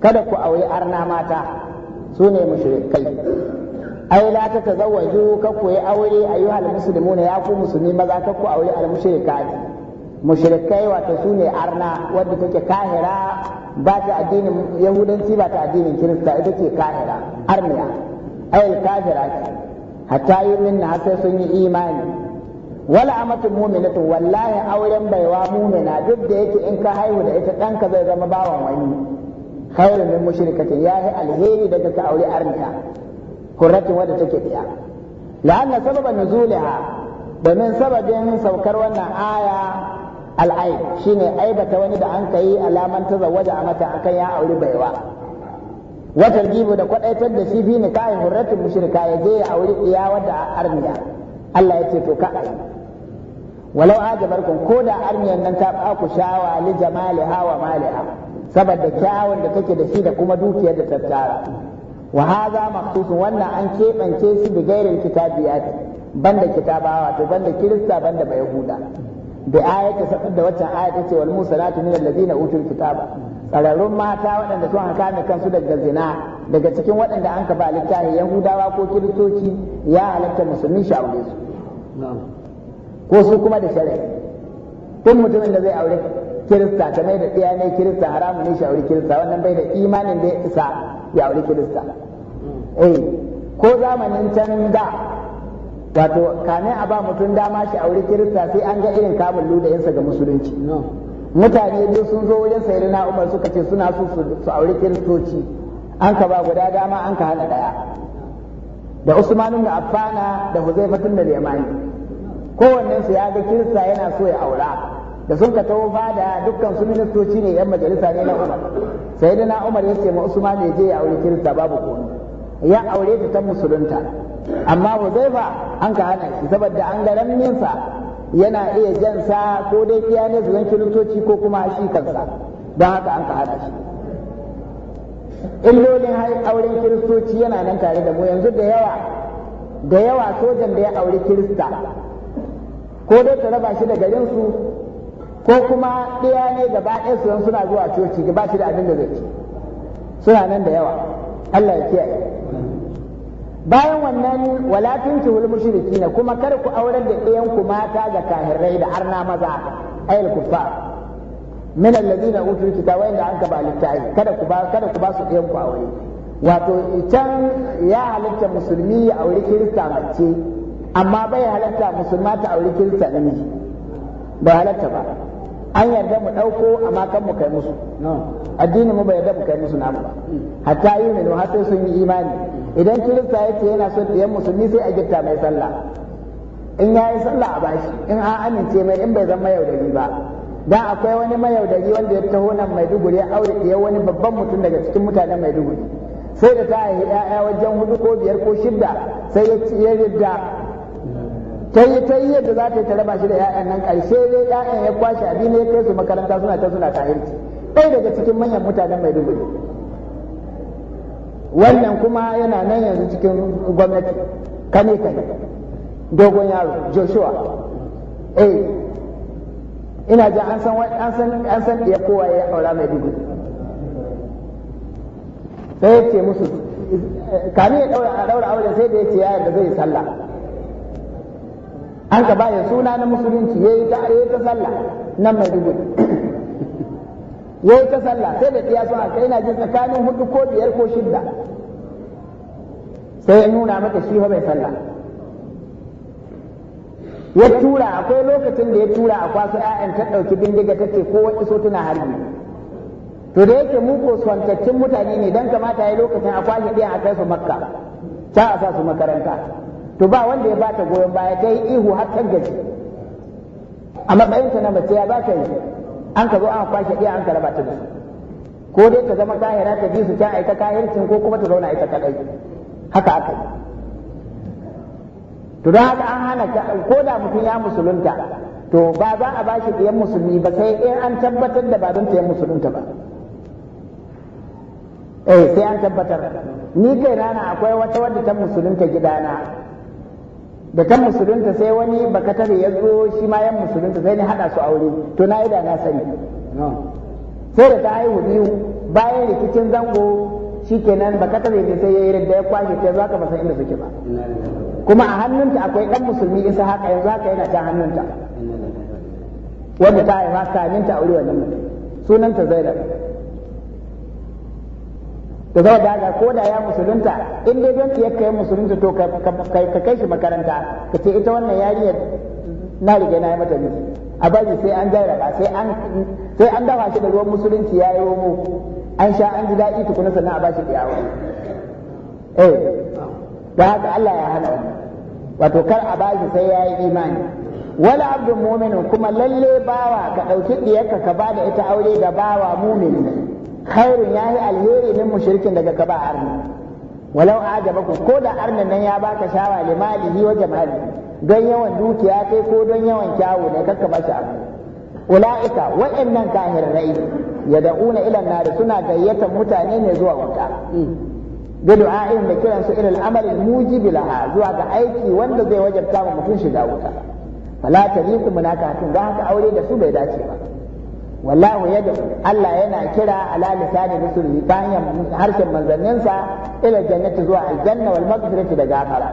kada ku auri arna mata su ne mushrikai ai la ta tazawwaju ka ku yi aure ayyuhal muslimuna ya ku musulmi maza ka ku aure al mushrikati mushrikai wato su ne arna wadda take kahira ba ta addinin yahudanci ba ta addinin kirista ita ce kahira armiya ayal kafira ce hatta yi minna har sai sun yi imani wala amatun mu'minatu wallahi auren baiwa mu'mina duk da yake in ka haihu da ita ɗanka zai zama bawan wani khairun min mushrikatin yahi alheri daga ka aure armiya kurratin wadda take biya la'anna sababan nuzuliha domin sababin saukar wannan aya al'ai shine aibata wani da an kai alaman tazawwaja a mata akan ya auri baiwa wa targibu da kwadaitar da shi bi nikahin hurratin mushrika ya je ya auri iya wadda armiya Allah ya ce to ka ai walau ajabarkum ko da armiyan nan ta ba ku shawa li jamaliha wa maliha saboda kyawun da take da shi da kuma dukiyar da tattara wa hadha wannan an keɓance shi da gairin kitabiyat banda kitabawa to banda kirista banda bayahuda da ta sanar da waccan ta ce wal musalatu minal ladina utul kitaba tsararrun mata waɗanda sun ne kansu daga zina daga cikin waɗanda an ka ba littafi yahudawa ko kiristoci ya halatta musulmi shi aure su ko su kuma da shari'a duk mutumin da zai aure kirista ta mai da iya ne kirista haramu ne shi aure kirista wannan bai da imanin da ya isa ya aure kirista eh ko zamanin can da wato kamin a ba mutum dama shi aure kirista sai an ga irin kamun yansa ga musulunci mutane biyu sun zo wurin sayar na umar suka ce suna so su aure kiristoci an ka ba guda dama an ka hana daya da usman da affana da huzaifatun da yamani kowannen su ya ga kirista yana so ya aura da sun ka taho fada dukkan su ministoci ne yan majalisa ne na umar sai na umar ya ce ma usman ya je ya aure kirista babu komai ya aure ta ta musulunta amma huzaifa an ka hana shi saboda an ga ramminsa yana iya jan sa ko dai kiya ne zuwan kiristoci ko kuma shi kansa don haka an ka hana shi illolin auren kiristoci yana nan tare da mu yanzu da yawa da yawa sojan da ya auri kirista ko dai ta raba shi da garinsu ko kuma ɗaya ne gaba ɗaya su suna zuwa coci ba shi da abin da zai ci suna nan da yawa Allah ya kiyaye bayan wannan wala tunkihul kina kuma kar ku aurar da ɗayan ku mata ga kahirai da arna maza ayil kufa min alladina utul kitaba wanda an ka balitai kada ku ba kada ku ba su ɗayan ku aure wato can ya halatta musulmi ya aure kirista mace amma bai halatta musulma ta aure kirista ne Ba halatta ba an yarda mu ɗauko amma kan mu kai musu addinin mu bai yarda mu kai musu namu ba hatta yi har sai sun yi imani idan kirista ya ce yana son ɗiyan musulmi sai a gitta mai sallah in ya yi sallah a bashi in an amince mai in bai zan mayaudari ba dan akwai wani mayaudari wanda ya taho nan maiduguri ya aure ɗiyan wani babban mutum daga cikin mutanen maiduguri sai da ta haihi ‘ya'ya wajen hudu ko biyar ko shidda sai ya ridda ta yi ta yi yadda za ta yi ta raba shi da ‘ya'yan nan ƙarshe dai ‘ya'yan ya kwashe abin ya kai su makaranta suna ta suna ta tahirci ɗaya daga cikin manyan mutanen maiduguri wannan kuma yana nan yanzu cikin gwamnati kane kane dogon yaro joshua eh ina ji an san an san an san ya kowa ya aura mai dubu sai ya ce musu kamin ya daura daura auren sai da ya ce yayar da zai sallah an ka ba ya suna na musulunci yayi ta ta sallah nan mai dubu yayi ta sallah sai da kiyasu kai na jin tsakanin hudu ko biyar ko shidda sai ya nuna mata shi fa bai sallah ya tura akwai lokacin da ya tura a kwasu ƴaƴan ta ɗauki bindiga ta ko wani iso tana harbi to da yake mu ko swantaccen mutane ne dan kamata yayi lokacin a kwashe a kai su makka ta a sa su makaranta to ba wanda ya bata goyon baya kai ihu har kan gaji a matsayinta na mace ya ba yi an ka zo an kwashe ɗaya an ka batun ta su ko dai ta zama kahira ta bi su can aika kayancin ko kuma ta zauna ita kadai haka aka yi to don haka an hana ko da mutum ya musulunta to ba za a bashi ɗayan musulmi ba sai in an tabbatar da ba don ta musulunta ba eh sai an tabbatar ni kai rana akwai wata wadda ta musulunta gidana da ta musulunta sai wani bakatare ya zo shi ma yan musulunta sai ne hada su aure to na yi da na sani sai da ta haihu biyu bayan rikicin zango shi baka bakatare da sai ya yi da ya kwashe ta za ka basa inda suke ba kuma a hannunta akwai dan musulmi isa haka yanzu haka yana ta hannunta wanda ta haifa kamin ta aure wannan mutum sunanta zainab da zai da haka ko da ya musulunta in dai don ya kai musulunta to ka kai shi makaranta ka ce ita wannan yariya na riga na yi mata miji a bari sai an jarraba sai an sai an dafa shi da ruwan musulunci ya yi romo an sha an ji daɗi tukuna sannan a bashi ɗiyawa eh da haka Allah ya hana wato kar a shi sai ya yi imani wala abdul mu'minin kuma lalle bawa ka ɗauki ɗiyarka ka ba da ita aure ga bawa mu'mini khairun yahi alheri min mushrikin daga ka ba arna walau ajabaku ko da arnan nan ya baka shawa limalihi wa jamali don yawan dukiya kai ko don yawan kyawu ne kakka ba shi abu ula'ika waɗannan kahirai ya da'una ilan nar suna gayyatar mutane ne zuwa wuta da du'a'in da kiran su ilal amali mujib laha zuwa ga aiki wanda zai wajabta wa mutum shiga wuta fala tariku munaka hatin ga haka aure da su bai dace ba wallahu yad'u Allah yana kira ala lisani rusuli ta hanyar harshen manzanninsa ila jannati zuwa aljanna wal maghfirati da gafara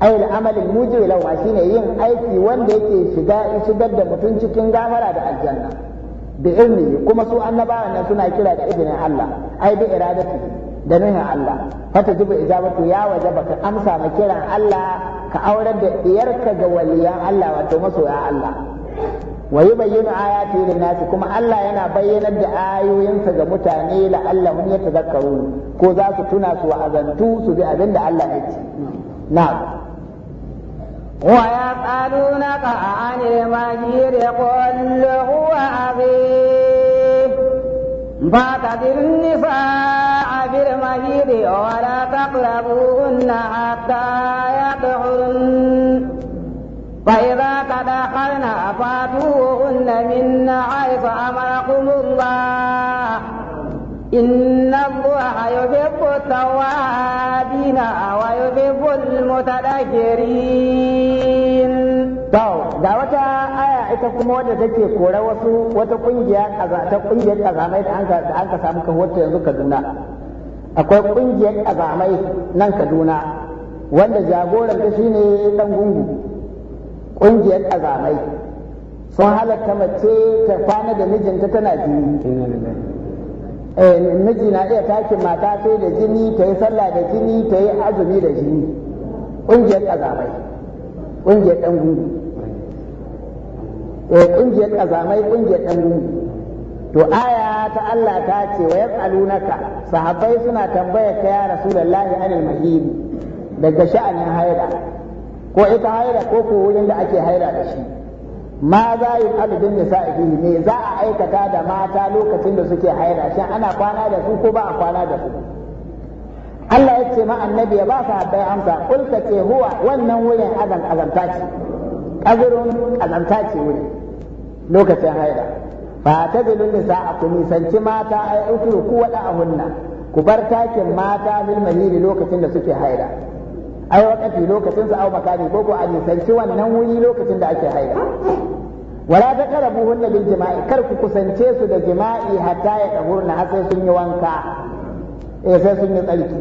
ai amalin muji lahu shine yin aiki wanda yake shiga shigar da mutum cikin gafara da aljanna bi ilmi kuma su annabawan nan suna kira da izinin Allah ai bi iradati da nuhin Allah fata jibu ijabatu ya waje ba ka amsa ma kiran Allah ka aurar da diyarka ga waliyan Allah wato masoya Allah wayi bayyana ayati lin nasi kuma Allah yana bayyanar da ayoyinsa ga mutane yata yatadhakkarun ko za su tuna su azantu su bi abin da Allah ya ce na'am ويسألونك عن المجير قل هو عظيم فاعتذر النساء في المجير ولا تقربوهن حتى يطهرن أمرنا فاتوهن من حيث أمركم الله إن الله يحب التوابين ويحب المتذكرين To, ga wata aya ita kuma wadda take kora wasu wata kungiya ta kungiyar kazamai da an ka samu kahota yanzu Kaduna. Akwai kungiyar azamai nan Kaduna wanda jagoran ta shine dan gungu. ƙungiyar ƙazamai sun halatta mace ta kwana da mijinta tana jini eh, miji na iya take mata sai da jini ta yi sallah da jini ta yi azumi da jini ƙungiyar ƙazamai ƙungiyar ɗan gungu eh, ƙungiyar azamai ƙungiyar ɗan gungu to aya ta Allah ta ce wa yas'alunaka sahabbai suna tambayar ka ya rasulullahi anil mahim daga sha'anin haida. ko ita haira ko ko wurin da ake haira da shi ma za yi adadin da sa'ibihi ne za a aikata da mata lokacin da suke haira shin ana kwana da su ko ba a kwana da su Allah ya ce ma annabi ya ba su habbai amsa kulka ce huwa wannan wurin azan azanta ce kazurin azanta ce wurin lokacin haira fa ta dilun nisa a ku nisanci mata ai uku ku wada a hunna ku bar takin mata bil lokacin da suke haira ai wakati lokacin sa au makani ko ko a nisanci wannan wuri lokacin da ake haila wala ta karabu hunna bil jima'i kar ku kusance su da jima'i hatta ya dahurna har sai sun yi wanka eh sai sun yi tsarki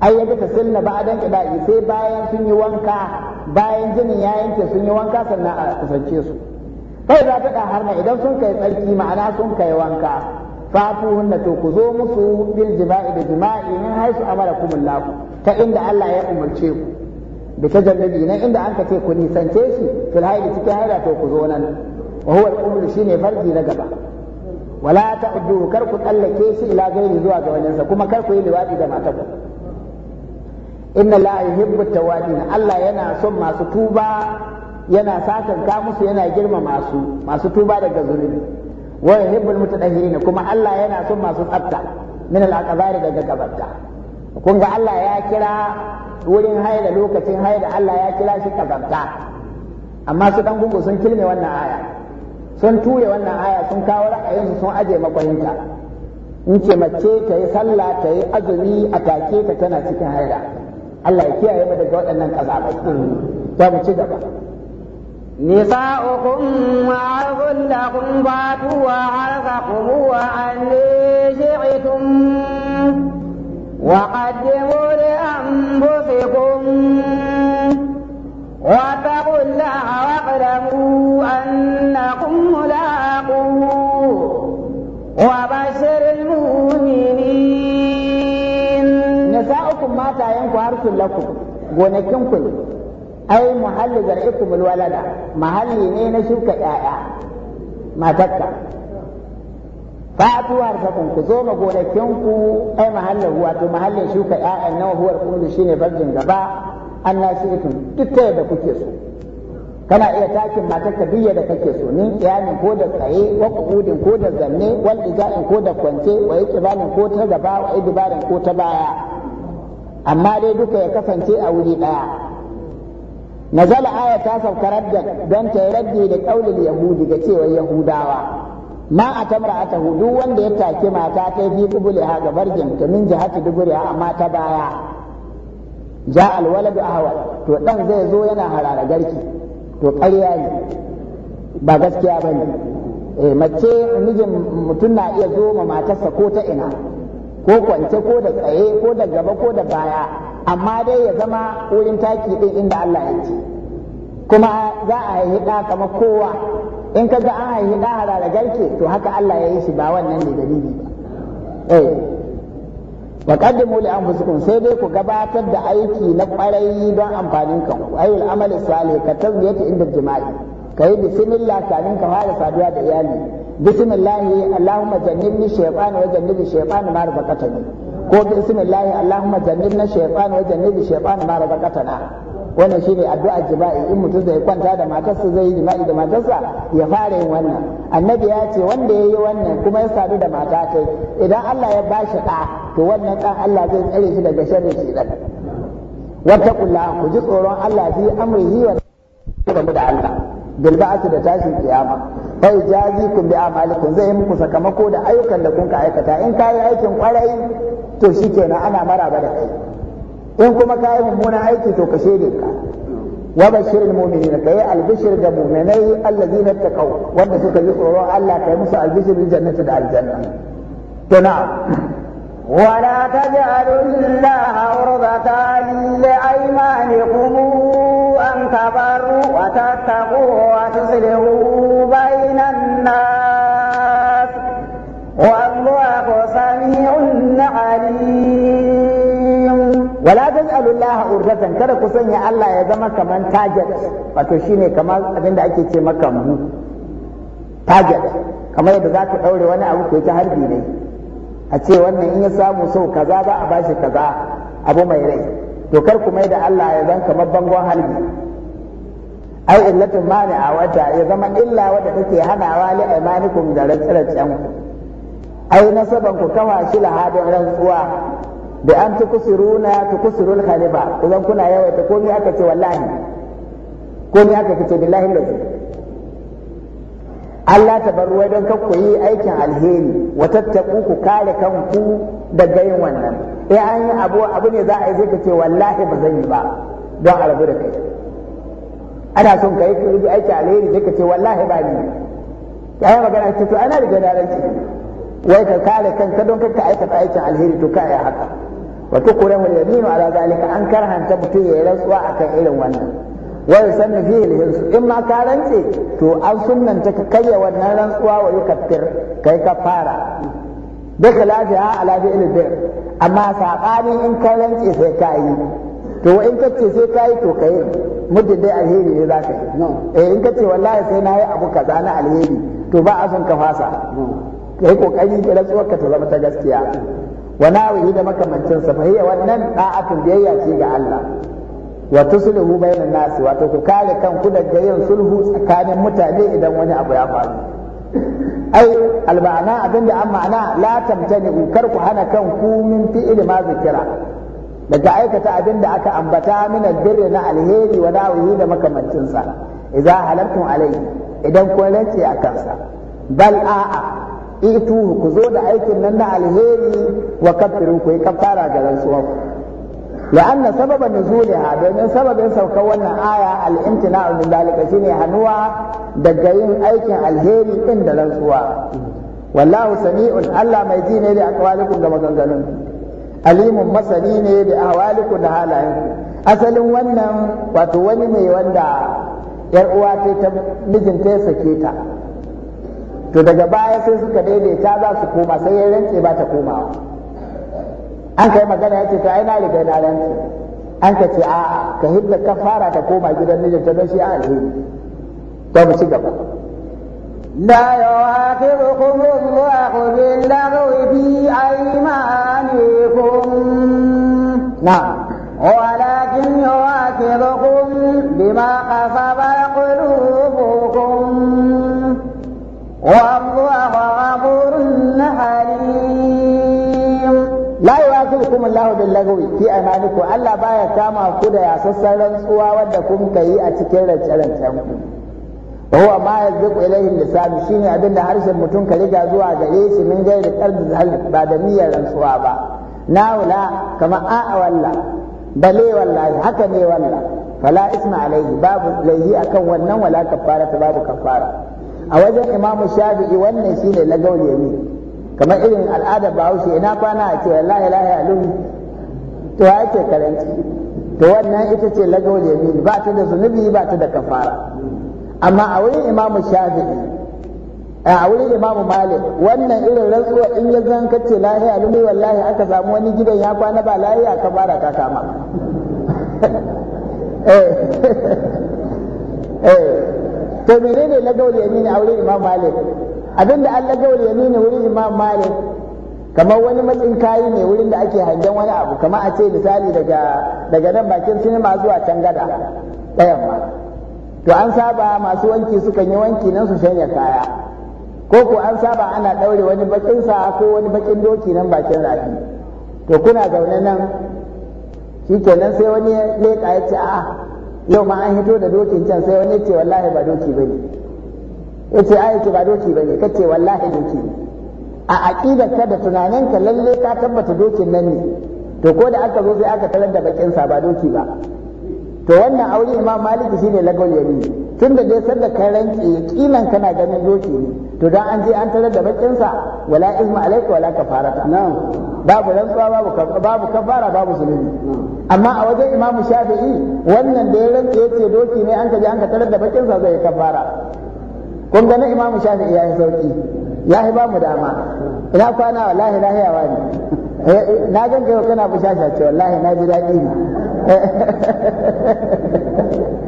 ai yadda ta silna dan qida'i sai bayan sun yi wanka bayan jinin ya yanke sun yi wanka sannan a kusance su kai za ta da harna idan sun kai tsarki ma'ana sun kai wanka fatuhunna to ku zo musu bil jima'i da jima'i in haisu amara kumullahu ta inda Allah ya umarce ku bi ta jannabi nan inda an ka ce ku nisance shi fil haidi cikin haida to ku zo nan wa huwa al-umru shine farji na gaba wala ta'du kar ku tsallake shi ila gairi zuwa ga sa, kuma kar ku yi liwadi da matar ku inna la yuhibbu tawabin Allah yana son masu tuba yana sakan ka musu yana girma masu masu tuba daga zunubi wa yuhibbul mutadahhirin kuma Allah yana son masu tsafta min al daga gabata. kun ga Allah ya kira wurin haida lokacin haida Allah ya kira shi kazanta amma su dan gungu sun kilme wannan aya sun ture wannan aya sun kawo su sun aje makwayinta in ce mace ta yi sallah ta yi azumi a take ta tana cikin haida Allah ya kiyaye mu daga waɗannan kazabai ta mu ci gaba نساؤكم وعرض لكم فاتوا وعرضكم وأن شئتم وقدموا لأنفسكم واتقوا الله واعلموا أنكم ملاقوه وبشر المؤمنين نساؤكم ما لكم gonakinku ne ai muhalli zar'ikumul walada, mahalli ne na shuka 'ya'ya matakka fatuwa harfakum ku zo ma ku ai mahallin ruwa wato mahallin shuka ƴaƴan nawa huwar kullu shine farjin gaba an nasiitun duk ta yadda kuke so kana iya takin matar ka duk da kake so nin iyalin ko da tsaye wa ko da zanne wal ija'in ko da kwance wa ikibanin ko ta gaba wa idibarin ko ta baya amma dai duka ya kasance a wuri daya nazala aya ta sauka da don ta raddi da kaulin yahudi ga cewa yahudawa ma man atamra atahu duk wanda ya take mata ta fi kubuliha ga gabar ta min ji haka duburiha a ta baya ja alwaladu ahwa to dan zai zo yana harara garki to ƙarya ne ba gaskiya ba ne eh mace mijin mutum na iya zo ma matarsa ko ta ina ko kwance ko da tsaye ko da gaba ko da baya amma dai ya zama wurin taki din inda Allah ya ce kuma za a yi ɗa kamar kowa in ka ga an haihi ɗan harara garke to haka Allah ya yi shi ba wannan ne dalili ba eh wa qaddimu li anfusikum sai dai ku gabatar da aiki na kwarai don amfanin kanku ayyul amali salih ka tazwiyatu inda jima'i kai bismillah kamin ka fara saduwa da iyali bismillah allahumma jannibni shaytan wa jannibi shaytan ma rabaqatani ko bismillah allahumma jannibna shaytan wa jannibi shaytan ma rabaqatana wannan shine addu'ar jima'i in mutum zai kwanta da matarsa zai yi jima'i da matarsa ya fara yin wannan annabi ya ce wanda ya yi wannan kuma ya sadu da mata kai idan Allah ya ba shi ɗa to wannan ɗan Allah zai tsare shi daga sharrin wata kula ku ji tsoron Allah fi amrihi wa game da Allah bil ba'su da tashin kiyama fa yajazikum bi amalikum zai muku sakamako da ayyukan da kun ka aikata in kai aikin kwarai to shikenan ana maraba da kai in kuma ka yi mummuna aiki to ka shaide ka wa da mu'minina kai albishir ga mu'minai allazina taqaw wanda suka yi tsoro Allah kai musu albishir jannati da aljanna to na'am ولا تجعلوا الله عرضة لأيمانكم أن تبروا وتتقوا وتصلحوا بين الناس ilaha urdatan kada ku sanya Allah ya zama kaman target wato shine kamar abin da ake ce maka mu target kamar yadda za ka ɗaure wani abu ko ta harbi ne a ce wannan in ya samu sau kaza za a bashi kaza abu mai rai to kar ku mai da Allah ya zama kamar bangon harbi ai illatin mani a wata ya zama illa wadda take hanawa li imanikum da rantsirancen ai nasaban ku kawa shi lahadin rantsuwa da an ta tukusiruna tukusirul khalifa idan kuna yawaita komai aka ce wallahi komai aka ce billahi lazi Allah ta bar tabarruwa don ka yi aikin alheri wa tattaku ku kare kanku daga yin wannan eh an yi abu abu ne za a yi ka ce wallahi ba zan yi ba don a rabu da kai ana son ka yi aikin alheri sai ka ce wallahi ba ni ya yi magana ce to ana da gadaranci wai ka kare kanka don ka aikata aikin alheri to ka yi haka wa tukurahu al-yaminu ala zalika an karhanta mutum ya rantsuwa akan irin wannan wa yusannu fihi al-hirsu in ma ka rantse to an sunnanta ka karya wannan rantsuwa wa yukaffir kai ka fara duka lafiya ala fi'il bir amma sabanin in ka rantse sai ka yi to in ka ce sai ka yi to ka yi muddin dai alheri ne za ka yi eh in ka ce wallahi sai na yi abu kaza na alheri to ba a son ka fasa ka yi kokari ka rantsuwa ka ta zama ta gaskiya wa nawihi da makamancin sa fa hiya wannan da'atun biyayya ce ga Allah wa tuslihu bainan nas wato ku kare ku daga yin sulhu tsakanin mutane idan wani abu ya faru ai abin abinda an ma'ana la tamtani kar ku hana ku min fi'il ma zikira daga aikata abin da aka ambata min albirri na alheri wa nawihi da makamancin sa idza halartun alai idan kun rance a kansa bal a'a itu ku zo da aikin nan na alheri wa kafirin ku yi kafara ga rantsuwa la'anna sababan nuzuliha domin sababin saukar wannan aya al-imtina'u min dalika shine hanuwa daga yin aikin alheri din da rantsuwa wallahu sami'un Allah mai ji ne da aqwalikum da maganganun alimun masani ne a ahwalikum da halayen asalin wannan wato wani ne wanda yar uwata ta mijinta ya sake ta to daga baya sai suka daidaita za su koma sai ya rantse ba ta komawa an kai magana ce to ai na riga na rantse an ka ce a ka hidda fara ta koma gidan mijinta ta shi a alheri to mu ci gaba لا يؤاخذكم الله باللغو في أيمانكم نعم ولكن يؤاخذكم بما كسبت قلوبكم Ku abu akwai aburin na hali. Lahadin, na ga wuƙe Allah baya kama ku da ya rantsuwa wadda kun ka a cikin rancenku. Kaho amma yanzu ko elayin da shine abinda harshen mutum ka riga zuwa ga eshi mun gai da tsar ba da miyar rantsuwa ba. Na wula kama, "A'a walla." "Dale walla." "Haka ne walla." "Fala Isma'il a "Babu la akan wannan wala kafara, babu kafara." a wajen imamu shafi'i wannan shine lagawar yami kamar irin al'ada bahaushe ina kwana a ce wallahi lahi alun to ya ce karanci to wannan ita ce lagawar yami ba ta da zunubi ba ta da kafara amma a wurin imamu shafi'i a wurin imamu malik wannan irin rantsuwa in ya zan kace lahi, lume wallahi aka samu wani gidan ya kwana ba lahi ka fara ka kama eh eh to menene lagawul yamini a wurin imam malik abinda an lagawul yamini wurin imam malik kamar wani matsin kayi ne wurin da ake hangen wani abu kamar a ce misali daga nan bakin sinima zuwa can gada ɗayan ma to an saba masu wanki sukan yi wanki nan su shanya kaya ko ko an saba ana ɗaure wani bakin sa ko wani bakin doki nan bakin rafi to kuna zaune nan shi kenan sai wani ya leƙa ya ce a'a ah, yau ma an hito da dokin can sai wani ce wallahi ba doki ba ne ya ce a ba doki ba ne kace wallahi doki ne a ka da tunaninka lalle ka tabbata dokin nan ne to ko da aka zo sai aka tarar da bakinsa ba doki ba to wannan aure imam maliki shine lagol yamin tun da dai sanda ka rantse kinan kana ganin doki ne to dan an je an tarar da bakin sa wala izma alayka wala kafara na'am babu rantsuwa babu babu kafara babu zulumi amma a wajen imamu shafi'i wannan da ya rantse yace doki ne an ka je an ka tarar da bakin sa zai kafara kun ga na imamu shafi'i yayi sauki ya yi ba mu dama ina kwana wallahi lahiya haya wani na gan kai kana bushasha ce wallahi na ji daɗi ne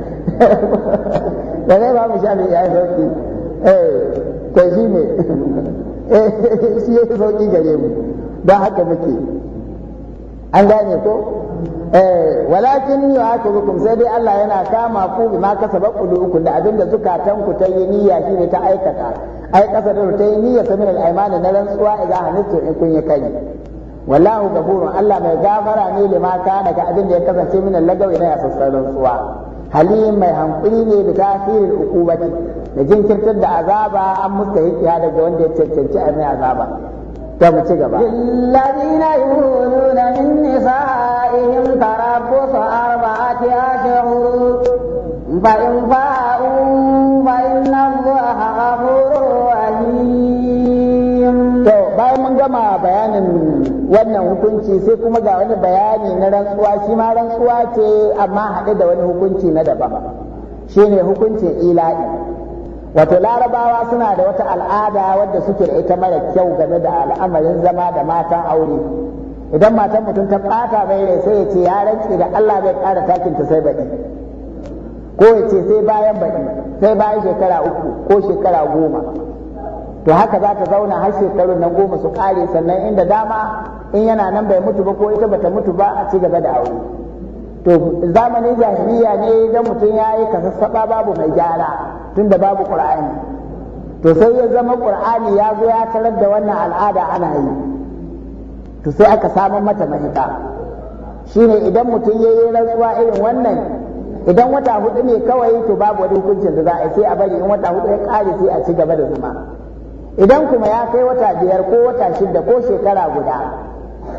da zai ba mu sha ya yi sauki eh to shi ne eh shi ya sauki gare mu don haka muke an gane ko eh walakin yu'akibukum sai dai Allah yana kama ku bima kasaba qulubukum da abinda zukatan ku ta yi niyya shine ta aikata ai kasa da ta yi niyya samin al-aymani na rantsuwa idan hanitu in kun yi kai wallahu gafurun Allah mai gafara ne lima daga abinda ya kasance min al-lagawi na yasassan rantsuwa halim mai hankuri ne da tasirin ukubati da jinkirtar da azaba an musta hikiya daga wanda ya cancanci a mai azaba ta mu ci gaba lillazina na min nisa'ihim tarabbusu arba'ati ashhur fa in fa'u fa inna allaha ghafurur rahim to bayan mun gama bayanin wannan hukunci sai kuma ga wani bayani na rantsuwa shi ma rantsuwa ce amma haɗe da wani hukunci na daban shi ne hukuncin ila'i wato larabawa suna da wata al'ada wadda suke da ita mara kyau game da al'amarin zama da matan aure idan matan mutum ta ɓata mai rai sai ya ce ya rantsi da allah bai ƙara takinta sai baɗi ko ya ce sai bayan baɗi sai bayan shekara uku ko shekara goma to haka za ta zauna har shekarun nan goma su kare sannan inda dama in yana nan bai mutu ba ko ita bata mutu ba a ci gaba da aure to zamanin jahiliya ne idan mutum ya yi kasassaba babu mai gyara tunda babu qur'ani to sai ya zama qur'ani ya zo ya tarar da wannan al'ada ana yi to sai aka samu mata mahita shine idan mutum ya yi rantsuwa irin wannan idan wata hudu ne kawai to babu wani hukuncin da za a sai a bari in wata hudu ya kare sai a ci gaba da zama idan kuma ya kai wata biyar ko wata shida ko shekara guda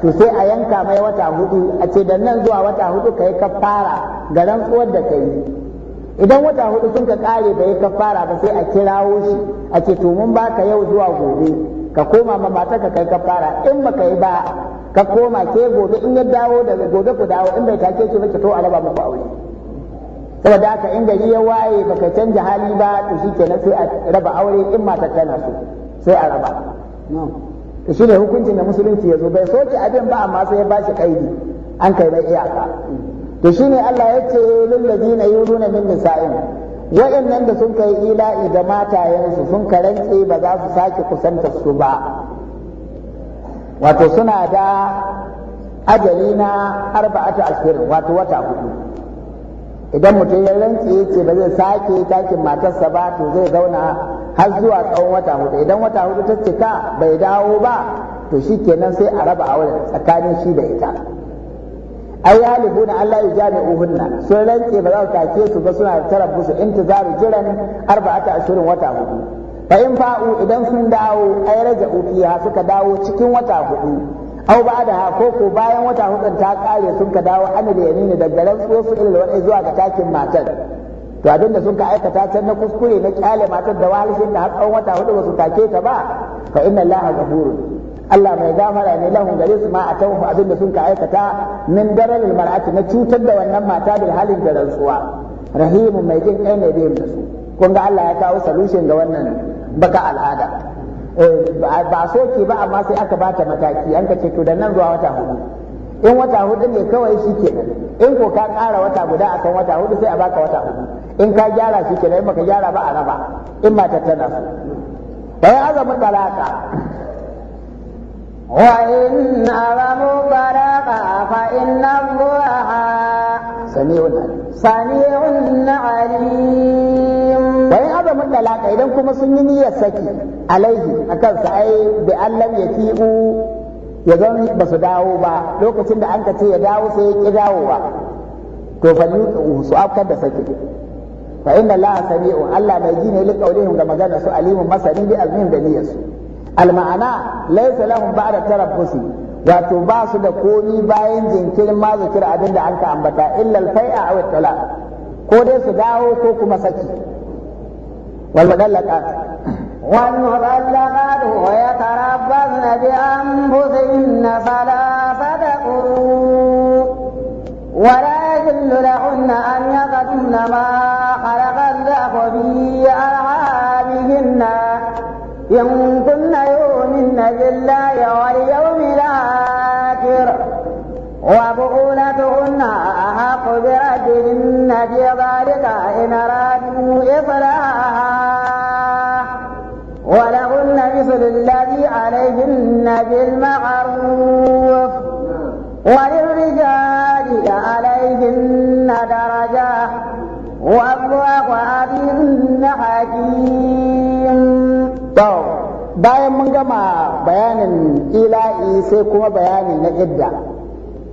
to sai a yanka mai wata hudu a ce da nan zuwa wata hudu kai kafara ga rantsuwar da kai idan wata hudu sun ka kare bai kafara ba sai a kirawo shi a ce to mun baka yau zuwa gobe ka koma ma mata ka kai kafara in ka yi ba ka koma ke gobe in ya dawo daga gobe ku dawo in bai take ki ba to a raba muku aure saboda haka in gari ya waye baka canja hali ba to shikenan sai a raba aure in mata tana so sai a raba shi ne hukuncin da musulunci ya zo bai soke abin ba amma sai ya bashi kaidi an kai mai iyaka to ne Allah ya ce lil ladina yuluna min nisa'in wa'annan da sun kai ila'i da matayensu sun karance ba za su sake kusanta su ba wato suna da ajali na arba'ata ashirin wato wata hudu idan mutum ya rantse ya ce ba zai sake takin matarsa ba to zai zauna har zuwa tsawon wata hudu idan wata hudu ta cika bai dawo ba to shi kenan sai a raba auren tsakanin shi da ita ai halifu na Allah ya jami uhunna sun rantse ba za su take su ba suna da tarar musu intizaru jiran arba'ata ashirin wata hudu fa in fa'u idan sun dawo ai raja'u fiha suka dawo cikin wata hudu au ba da ko ko bayan wata hukun ta kare sun ka dawo ana da yamini daga rantsuwar su ilal zuwa ga takin matar to abin da sun ka aikata can na kuskure na kyale matar da walishin da har wata hudu ba su take ta ba fa inna allaha ghafurun Allah mai gafara ne lahun gare su ma a tawfu abin da sun ka aikata min daral mar'ati na cutar da wannan mata da halin da rantsuwa rahimun mai jin kai ne da su kun ga Allah ya kawo solution ga wannan baka al'ada Eh, ba soke ba amma sai aka bata mataki an ka ce to da nan zuwa wata hudu in wata hudu ne kawai shi kenan in ko ka ƙara wata guda akan wata hudu sai a baka wata hudu in ka gyara shi kenan in baka gyara ba a raba in ma tattana su bai azamin talaka wa in azamu baraka fa inna allaha sami'un alim sami'un alim bayan idan kuma sun yi niyyar saki alaihi kan sa ai bi allam yatiu ya zan ba su dawo ba lokacin da an ka ce ya dawo sai ya dawo ba to fa su afkar da saki fa inna allaha sami'un allah mai ji ne liqaulihim da magana su alimun masani bi azumin da niyyarsu alma'ana al ma'ana laysa lahum ba'da tarabbusi wato ba su da komi bayan jinkirin ma zikir abin da an ka ambata illal fai'a aw tala ko dai su dawo ko kuma saki wal mudallaqat wal mudallaqat wa yatarabbasna bi anfusihinna salasata quru wa la yahillu lahunna an yaqdumna ma khalaqa Allahu bi arhamihinna in يؤمنن بالله واليوم الآخر وبؤولتهن أحق بردهن في ذلك إن أرادوا إصلاحا ولهن مثل الذي عليهن بالمعروف وللرجال عليهن درجة والله عزيز حكيم bayan mun gama bayanin ila'i sai kuma bayani na idda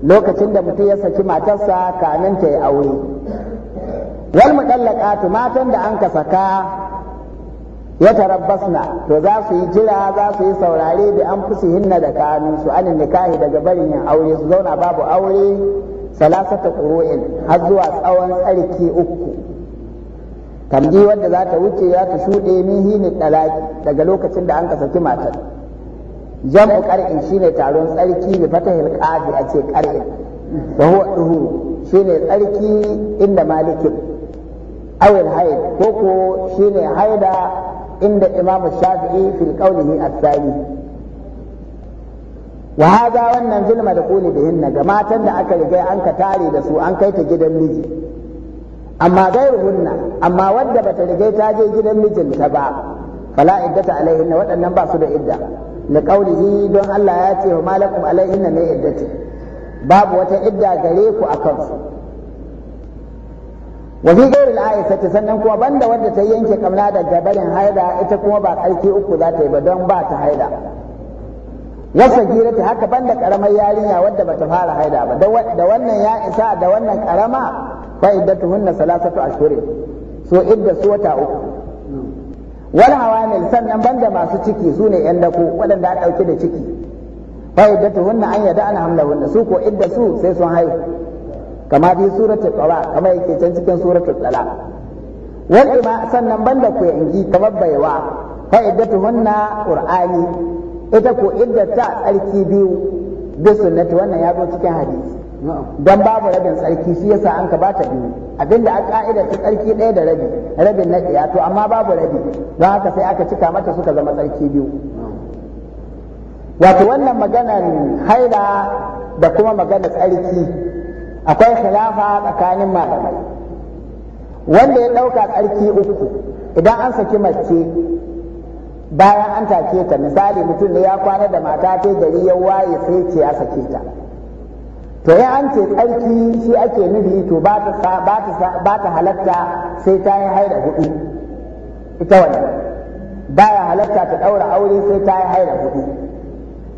lokacin da mutum ya saki matarsa kanin ta yi aure wal muɗallaqatu matan da an kasaka ya tarabbasna to za su yi jira za su yi saurare da an hinna da su anin nikahi daga barin yin aure su zauna babu aure salasata ƙuru'in har zuwa tsawon tsarki uku kamji wadda za ta wuce ya ta shuɗe min ne talaki daga lokacin da an ka saki matar jam'u shi shine taron tsarki bi fata qafi a ce ƙar'in da huwa shi shine tsarki inda malikin awil haid ko ko shine haida inda imamu shafi'i fil qawlihi a sani wa hada wannan zulma da da hinna ga matan da aka riga an ka tare da su an kai ta gidan miji amma gairuhunna amma wadda bata rige ta je gidan mijinta ba fala iddata alaihinna waɗannan ba su da idda da kaulihi don Allah ya ce wa malakum alaihinna mai iddati babu wata idda gare ku a su wa fi gairil aisati sannan kuma banda wadda ta yanke kamla da barin haida ita kuma ba karki uku za ta yi ba don ba ta haida wa girata haka banda karamar yarinya wadda bata fara haida ba da wannan ya isa da wannan karama fa iddatuhunna salasatu ashhurin so idda su wata uku wal hawamil sannan banda masu ciki su ne yan dako waɗanda a ɗauke da ciki fa iddatuhunna an yada an hamlahunna su ko idda su sai sun haihu kama bi suratul tsala kama yake can cikin suratul tsala wal ima sannan banda ku yangi kamar baiwa fa iddatuhunna ƙur'ani, ita ko iddata tsarki biyu bi sunnati wannan ya zo cikin hadisi don babu rabin tsarki shi yasa an ka bata biyu abinda a ka'idar ta tsarki ɗaya da rabi rabin na ɗaya to amma babu rabi don haka sai aka cika mata suka zama tsarki biyu wato wannan maganar haila da kuma maganar tsarki akwai khilafa tsakanin malamai wanda ya ɗauka tsarki uku idan an saki mace bayan an take ta misali mutum ne ya kwana da mata ta gari ya waye sai ce ya sake ta to ya an ce tsarki shi ake nufi to ba ta halatta sai ta yi haira hudu ita wannan ba ya halatta ta ɗaura aure sai ta yi haira hudu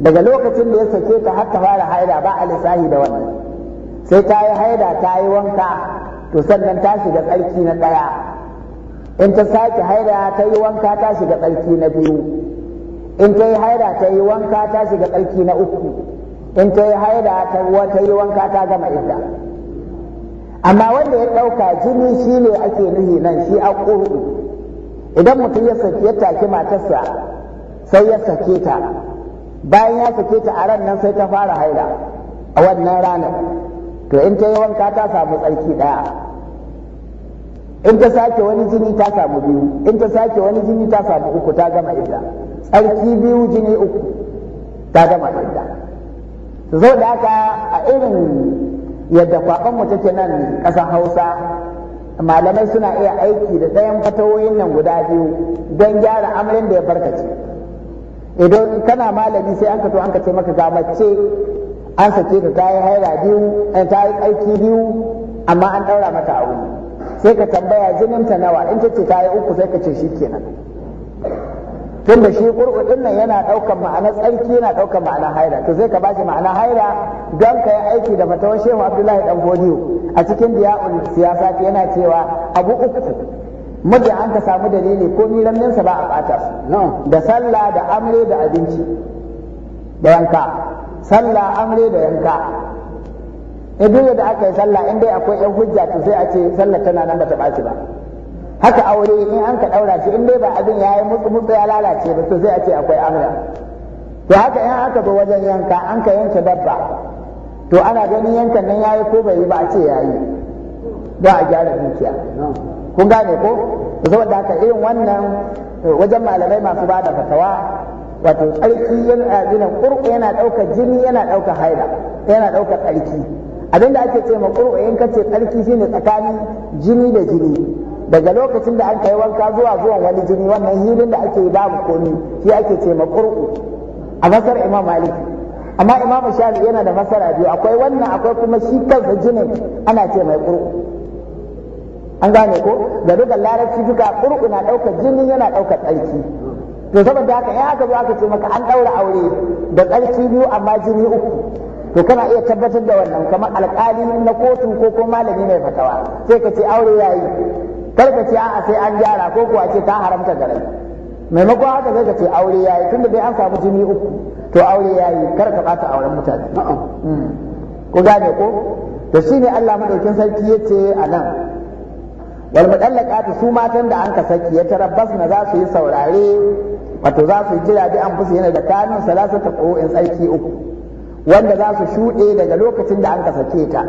daga lokacin da ya sake ta har ta fara haira ba a lissahi da wannan sai ta yi haira ta yi wanka to sannan ta shiga tsarki na ɗaya in ta sake haira ta yi wanka ta shiga tsarki na biyu in ta yi haira ta yi wanka ta shiga tsarki na uku in ta yi haida ta ruwa ta yi wanka ta gama idda amma wanda ya ɗauka jini shi ne ake nuhi nan shi a ƙur'u idan mutum ya sake ta take matarsa sai ya sake ta bayan ya sake ta a ran nan sai ta fara haida a wannan ranar to in ta yi wanka ta samu tsarki ɗaya in ta sake wani jini ta samu biyu in ta sake wani jini ta samu uku ta gama idda tsarki biyu jini uku ta gama idda Zau ɗaka da aka a irin yadda kwaban mu take nan ƙasar hausa malamai suna iya aiki da ɗayan fatawoyin nan guda biyu don gyara amarin da ya barkace idan kana malami sai an kato an ka ce maka gamace an sake ka kayi haira biyu ta yi aiki eh, biyu amma an ɗaura mata aure sai ka tambaya jinin ta nawa in ta ce ta yi uku sai ka ce shi kenan tun da shi ƙur'u ɗin nan yana ɗaukan ma'ana tsarki yana ɗaukar ma'ana haira to zai ka ba shi ma'ana haira don ka yi aiki da fatawar shehu abdullahi dan godiyo a cikin diya'ul siyasa yana cewa abu uku muddin an ka samu dalili ko niranninsa ba a ɓata su da sallah da amre da abinci da yanka sallah amre da yanka in eh, da aka yi sallah in dai akwai yan hujja to sai a ce sallah tana nan ba ta ɓaci ba haka aure in an ka daura shi in dai ba abin ya yi mutu mutu ya lalace ba to sai a ce akwai amra to haka in aka zo wajen yanka an ka yanke dabba to ana ganin yankan nan yayi ko bai yi ba a ce yayi ba a gyara dukiya kun gane ko saboda haka irin wannan wajen malamai masu bada da fatawa wato tsarki yana gina ƙurƙu yana ɗaukar jini yana ɗaukar haila yana ɗaukar tsarki abinda ake ce ma ƙur'u in kace tsarki shine tsakanin jini da jini daga lokacin da an kai wanka zuwa zuwan wani jini wannan hirin da ake babu komi shi ake ce makurku a masar imam maliki amma imam shafi yana da masara biyu akwai wannan akwai kuma shi kansa jinin ana ce mai kurku an gane ko da duka larabci duka kurku na ɗaukar jini yana ɗaukar tsarki to saboda haka in aka zo aka ce maka an ɗaura aure da tsarki biyu amma jini uku to kana iya tabbatar da wannan kamar alkali na kotu ko ko malami mai fatawa sai ka ce aure yayi karka ce a'a sai an gyara ko kuwa ce ta haramta garai maimakon haka zai ka ce aure yayi tunda dai an samu jini uku to aure yayi karka bata auren mutane hmm. ko gane ko to shine Allah madaukin sarki yace a nan wal mudallaqatu su matan da anka saki ya tarabbas na za su yi saurare wato za su jira bi an fusu yana da kanun ta ko in tsarki uku wanda za su shuɗe daga lokacin da anka sake ta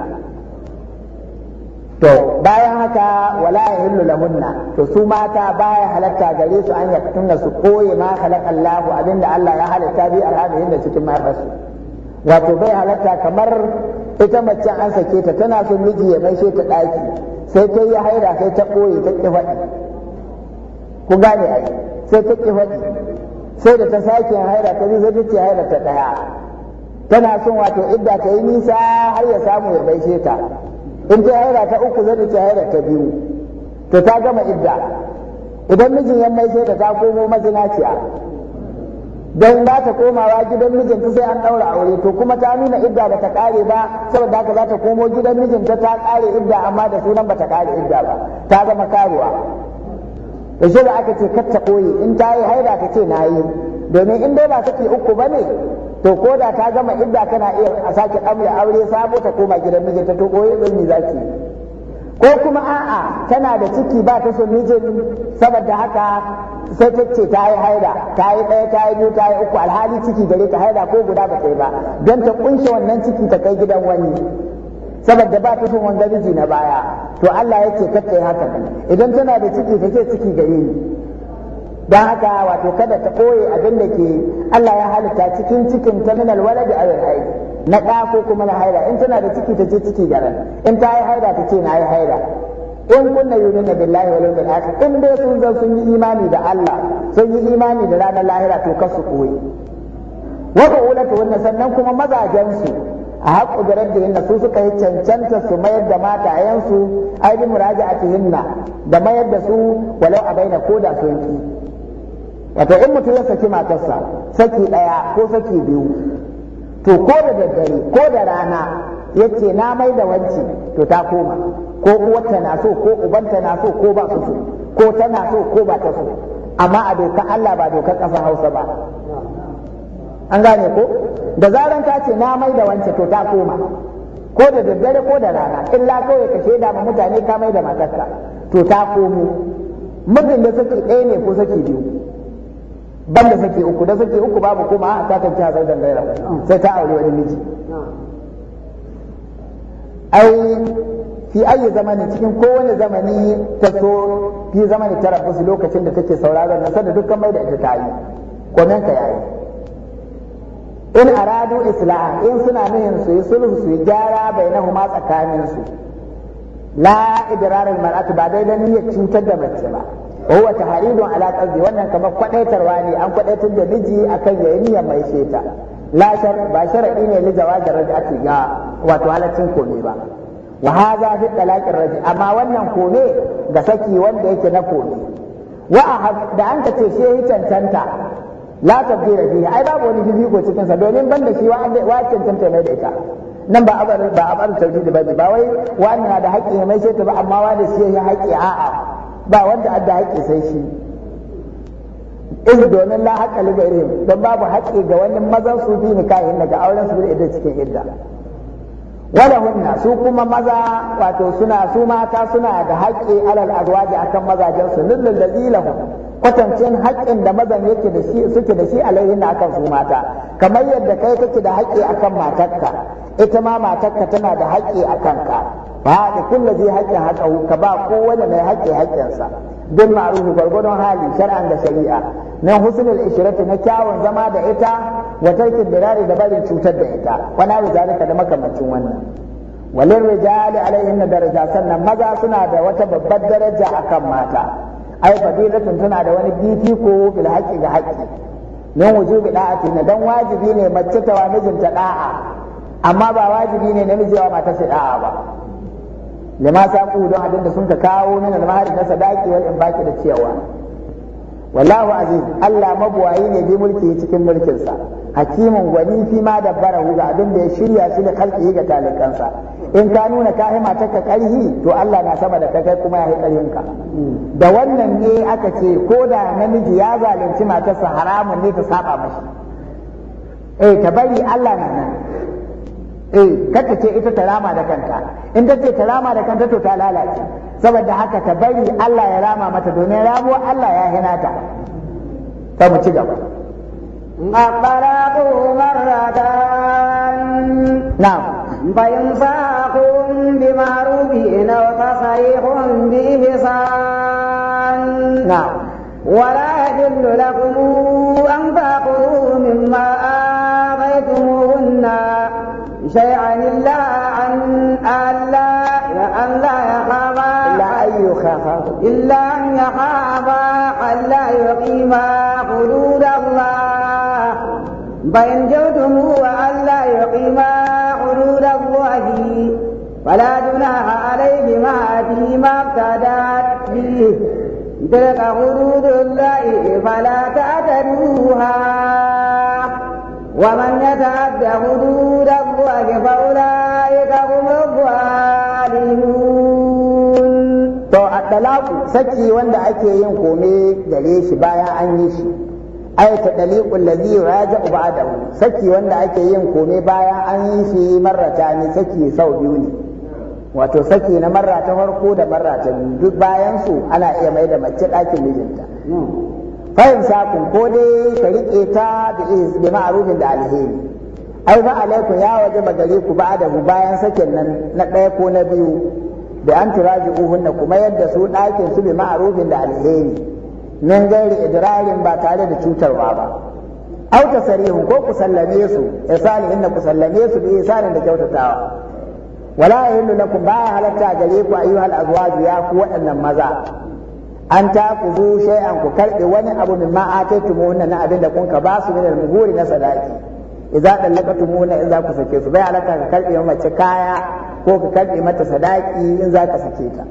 to bayan haka wala ya hillu lamunna to su mata baya halatta gare su an yaktunna su koye ma halaka Allahu abinda Allah ya halatta bi al'adahin da cikin su wato bai halatta kamar ita mace an sake ta tana son miji ya maishe ta daki sai ta yi haira sai ta koye ta ki faɗi ku gane ai sai ta ki faɗi sai da ta sake haira ta zai sai ta haira ta daya tana son wato idda ta yi nisa har ya samu ya maishe ta in ta haira ta uku zai ta haira ta biyu to ta gama idda idan mijin ya mai sai da ta komo mazinaciya don ba ta komawa gidan mijinta sai an ɗaura aure to kuma ta nuna idda ba ta ƙare ba saboda haka za ta komo gidan mijinta ta ƙare idda amma da sunan ba ta ƙare idda ba ta zama karuwa da shi da aka ce kar ta koyi in ta yi haira ta ce na yi domin in dai ba take uku ba ne to ko da ta gama idda kana iya a sake amre aure sabo ta koma gidan mijinta to koyi don yi zaki ko kuma a'a tana da ciki ba ta son mijin saboda haka sai ta ce ta yi haida ta yi ɗaya ta yi biyu ta yi uku alhali ciki gare ta haida ko guda ba ba don ta kunshe wannan ciki ta kai gidan wani saboda ba ta son wanda miji na baya to Allah ya ce kakkai haka idan tana da ciki take ciki gare ni don haka wato kada ta koye abin da ke Allah ya halitta cikin cikin ta minal waladi awil haidi na da ko kuma na haida in tana da ciki ta ce ciki garan in ta yi haida ta ce na yi haida in kunna yumina billahi wal yawmil akhir in dai sun zan sun yi imani da Allah sun yi imani da ranar lahira to kasu koyi wa ulatu wannan sannan kuma mazajen su a haƙu da raddihinna su suka yi cancanta su mayar da matayensu ai bi muraja'atihinna da mayar da su walau a baina koda sun ki wato in mutum ya saki matarsa saki ɗaya ko saki biyu to ko da daddare ko da rana ya ce na mai da wanci to ta koma ko uwarta na so ko ubanta na so ko ba su so ko tana so ko ba ta so amma a doka Allah ba doka ƙasar Hausa ba an gane ko da zaran ta ce na mai da wance to ta koma ko da daddare ko da rana in kawai ya kashe da mutane ka mai da matarka to ta komo mutum da saki ɗaya ne ko saki biyu banda sake uku da sake uku babu kuma a ta tanci hazar dangaira ah. sai ta aure wani miji ah. ai fi ayi zamani cikin kowane zamani ta so fi zamani ta rabu lokacin da take sauraron nasar da dukkan mai da ita ta yi komen ka yayi in aradu isla'a in suna nuhin su yi sulhu su yi gyara bainahuma tsakaninsu la idrarul mar'atu ba dai dan niyyar cutar da mace ba wa huwa tahridun ala qalbi wannan kamar kwadaitarwa ne an kwadaitar da miji akan yayin niyyar mai sheta la shar ba shar'i ne li zawaji raj'ati ga wato halaccin kome ba wa hadha fi talaqir raj'i amma wannan kome ga saki wanda yake na kome wa da an ka ce shehi cancanta la tabdira fihi ai babu wani fifiko cikin sa domin banda shi wa cancanta mai da ita nan ba abar ba abar tauhidi ba ba wai wani na da haƙƙi mai sheta ba amma wani shi ya haƙƙi a'a ba wanda adda haƙƙi sai shi iz domin la haƙa ligairihim don babu haƙƙi ga wani mazan su bi nikahin daga auren su da idan cikin idda wala hunna su kuma maza wato suna su mata suna da haƙƙi alal azwaji akan mazajen su lillal dalilahu kwatancin haƙƙin da mazan yake da shi suke da shi alaihin akan su mata kamar yadda kai kake da haƙƙi akan matarka ita ma matarka tana da haƙƙi akan ka fa da kullu zai haƙƙin haƙƙahu ka ba kowane mai haƙƙi haƙƙinsa bil ma'arufu gwargwadon hali shar'an da shari'a na husnul ishrati na kyawun zama da ita wa tarkin dirari da barin cutar da ita da zalika da makamancin wannan walin rijali alaihin daraja sannan maza suna da wata babbar daraja akan mata ai fadilatun tana da wani ko bil haqqi ga haqqi min wujubi da'ati na dan wajibi ne mace ta wa mijinta da'a amma ba wajibi ne namiji wa mata da'a ba lima saqu don abin da sun ka kawo min al-mahari na sadaqi wal baki da cewa wallahu aziz Allah mabuwayi ne bi mulki cikin mulkinsa hakimin gwani fi ma dabbarahu ga abin da ya shirya shi da kalki ga talikansa in ka nuna ka hima ta ka karhi to Allah na sama da kai kuma ya yi ka da wannan ne aka ce ko da namiji ya zalunci matarsa haramun ne ta saba mashi eh ta bari Allah na nan eh kata ce ita ta rama da kanta in ta ce ta rama da kanta to ta lalace saboda haka ta bari Allah ya rama mata domin ramuwar Allah ya hinata ta mu ci gaba الطلاق مرتان نعم فإمساك بمعروف أو تصريح بإحسان نعم ولا يحل لكم أن تأخذوا مما آتاكم شيئا إلا أن ألا أن لا يخاف إلا أن يخاف إلا أن يخافا ألا يقيم حدود الله فإن جئتموه ألا يقيم حدود الله فلا جناح عليهما فيما ابتدات به تلك حدود الله فلا تعتدوها ومن يتعد حدود الله الحق فأولئك هم saki wanda ake yin kome gare shi bayan an yi shi ay ta daliqul ladhi yuraja'u ba'dahu saki wanda ake yin kome bayan an yi shi marrata ne saki sau biyu ne wato saki na marratan farko da marra biyu duk bayan su ana iya mai da mace ɗakin mijinta hmm. fahim sakun ko dai ka riƙe ta bi ma'arufin da alheri ai a alaikum ya waje ba magare ku ba da bayan sakin nan na ɗaya ko na biyu da an tura ji uhunna kuma yadda su ɗakin su bi ma'arufin da alheri min gari idrarin ba tare da cutarwa ba au sarihu ko ku sallame su isali inna ku sallame su bi isalin da kyautatawa wala yahillu lakum ba halatta gare ku ayyuhal azwaju ya ku waɗannan maza an ta ku zu shay'an ku karɓe wani abu min ma ataytumuhunna na abin da kun ka ba su min al na sadaki idza dallaqatumuna in zaku ku sake su bai alaka ka karbe mace kaya ko ka karbe mata sadaki in za ka sake ta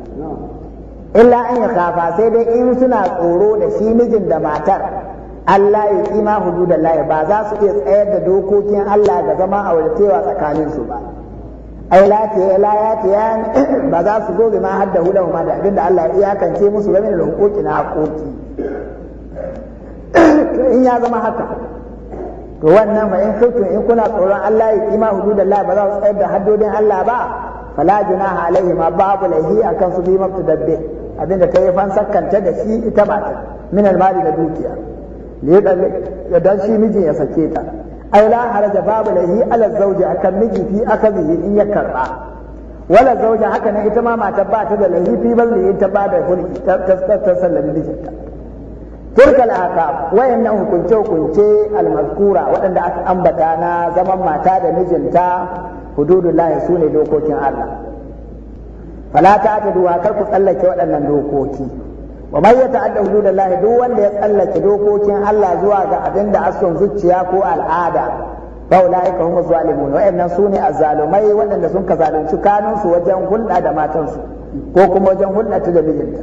illa an ya kafa sai dai in suna tsoro da shi mijin da matar Allah ya kima hududan Allah ba za su iya tsayar da dokokin Allah ga zama auratewa tsakanin su ba ai lafiya ya ba za su zo ma hadda hudan ma da abinda Allah ya iyakance musu game da hukuki na hakoki in ya zama haka to wannan ba in kuntum in kuna tsoron Allah ya kima hududallah ba za su tsayar da haddodin Allah ba fala junaha alaihi ma babu laihi akan su bi mabtadabbi abinda ta yi fansakanta da shi ita ba min almali da dukiya ya dan shi mijin ya sake ta ai la haraja babu laihi ala zawji akan miji fi akazihi in ya karba wala zawji haka nan ita ma mata ba ta da laihi fi bazli in ta ba da hulki ta sallami mijinta turkal aka nan hukunce hukunce almazkura waɗanda aka ambata na zaman mata da mijinta su ne dokokin Allah fala ta ta duwa kar ku tsallake waɗannan dokoki wa man yata'adda hududallahi duk wanda ya tsallake dokokin Allah zuwa ga abinda da ason zuciya ko al'ada fa ulaika humu zalimun su ne azzalumai waɗanda sun ka zalunci kanunsu wajen hulɗa da matansu ko kuma wajen hulɗa da mijinta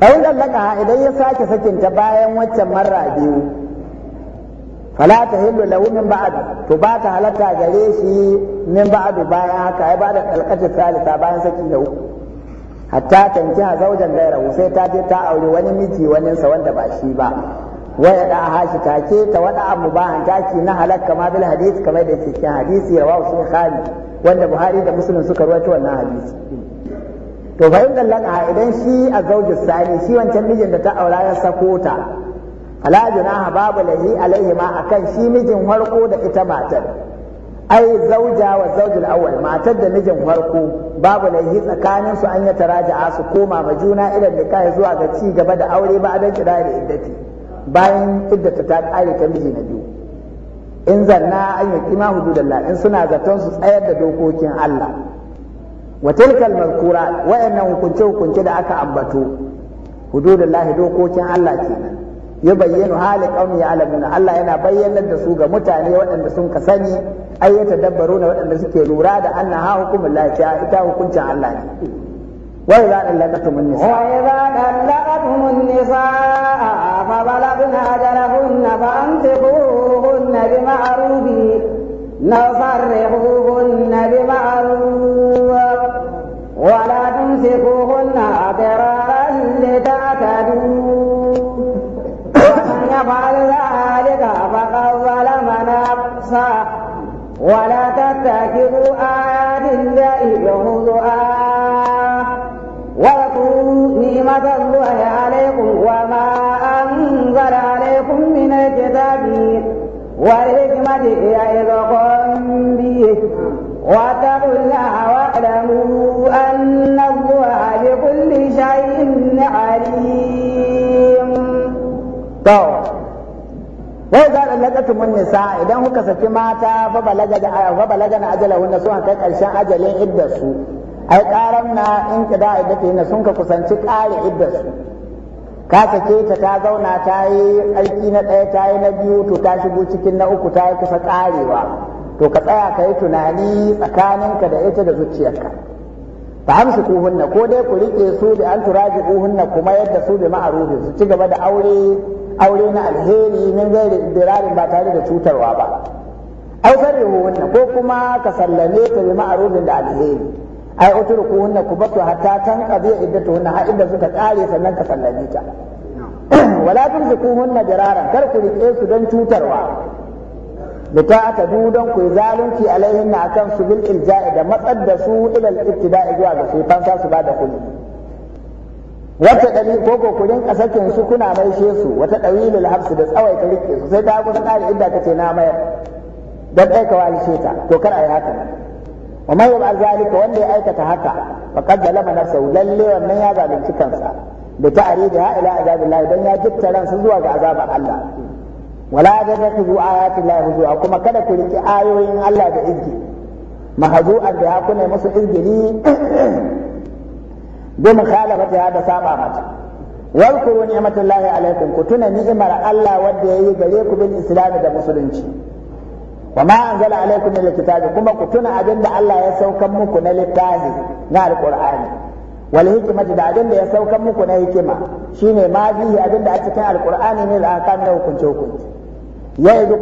ɗan ɗallaka idan ya sake sakinta bayan wancan marra biyu fala ta hillu lahu min ba'd to ba ta halatta gare shi min ba'adu bayan haka ya bada kalkatar salisa bayan saki na uku hatta tankiha zaujan gairahu sai ta je ta aure wani miji wani sa wanda ba shi ba waya da hashi take ta wada abu ba taki na halakka ma bil hadith kamar da cikin hadisi rawahu shaykhani wanda buhari da muslim suka rawaito wannan hadisi to fa in idan shi a zaujin sani shi wancan mijin da ta aura ya sako ta ala junaha babu lahi alaihi ma akan shi mijin farko da ita matar ai zauja wa zaujul awwal matar da mijin farko babu lahi tsakanin su an ya taraja'a su koma ma juna idan kai zuwa ga ci gaba da aure ba adan kira da iddati bayan iddata ta kare ta miji na biyu in zanna an yi kima hududallah in suna zaton su tsayar da dokokin Allah wa tilkal mazkura wayannan hukunce hukunce da aka ambato hududullahi dokokin Allah kenan ya bayyana hali kauni ya alamuna Allah yana bayyanar da su ga mutane waɗanda sun ka sani ai ya tadabbaru waɗanda suke lura da anna ha hukumin lafiya ita hukuncin Allah ne wa idza dallaqatum an-nisa wa bi bi ولا تمسكوهن ضرارا لتعتدوا ومن يفعل ذلك فقد ظلم نفسه ولا تتخذوا آيات الله هزؤا ولكم نعمة الله عليكم وما أنزل عليكم من الكتاب والحكمة واتقوا الله واعلموا أن الله بكل شيء عليم وإذا لقيتم النساء إذا هو كسفي ماتا فبلغنا فبلغنا أجلهن سوى كان أرشان أجلين إدى سوء أي قارنا إن كدا إدتهن سنك كسنشك آل إدى سوء ka sake ta ta zauna ta yi aiki na ɗaya ta yi na biyu to ta shigo cikin na uku ta yi kusa ƙarewa to ka tsaya ka yi tunani tsakaninka da ita da zuciyarka fa amsu kuhunna ko dai ku rike su bi an turaji kuhunna kuma yadda su bi ma'arufin su ci gaba da aure aure na alheri min gairi dirarin ba tare da cutarwa ba au sarrihuhunna ko kuma ka sallame ta bi ma'arufin da alheri ai utrukuhunna ku basu hatta tan qadiya hunna, har idda suka kare sannan ka sallame ta wala kuhunna diraran kar ku rike su don cutarwa lita aka don ku zalunci alaihin na akan su bil ilja'i da matsar da su ilal ibtida'i zuwa ga su fansa su ba da kulli wata dari ko ko kurin kasakin su kuna maishe su wata dawilul habs da tsawai ka rike su sai ta kusa tsari idda kace na mayar dan dai ka wani sheta to kar ai haka wa mai ba zalika wanda ya aikata haka faqad zalama nafsahu lalle wannan ya zalunci kansa da ta'arida ila azabillahi dan ya jitta ransa zuwa ga azabar Allah wala da ta tubu ayati la huzua kuma kada ku riki ayoyin Allah da izgi mahzu'an da ku ne musu izgili bi mukhalafati da saba mata walkuru ni'matullahi alaikum ku tuna ni'imar Allah wanda yayi gare ku bin islami da musulunci wa ma anzala alaikum min alkitabi kuma ku tuna abinda Allah ya saukan muku na littafi na alqur'ani wal hikmati da abinda ya saukan muku na hikima shine ma bihi abinda a cikin alqur'ani ne da aka na hukunci ya yi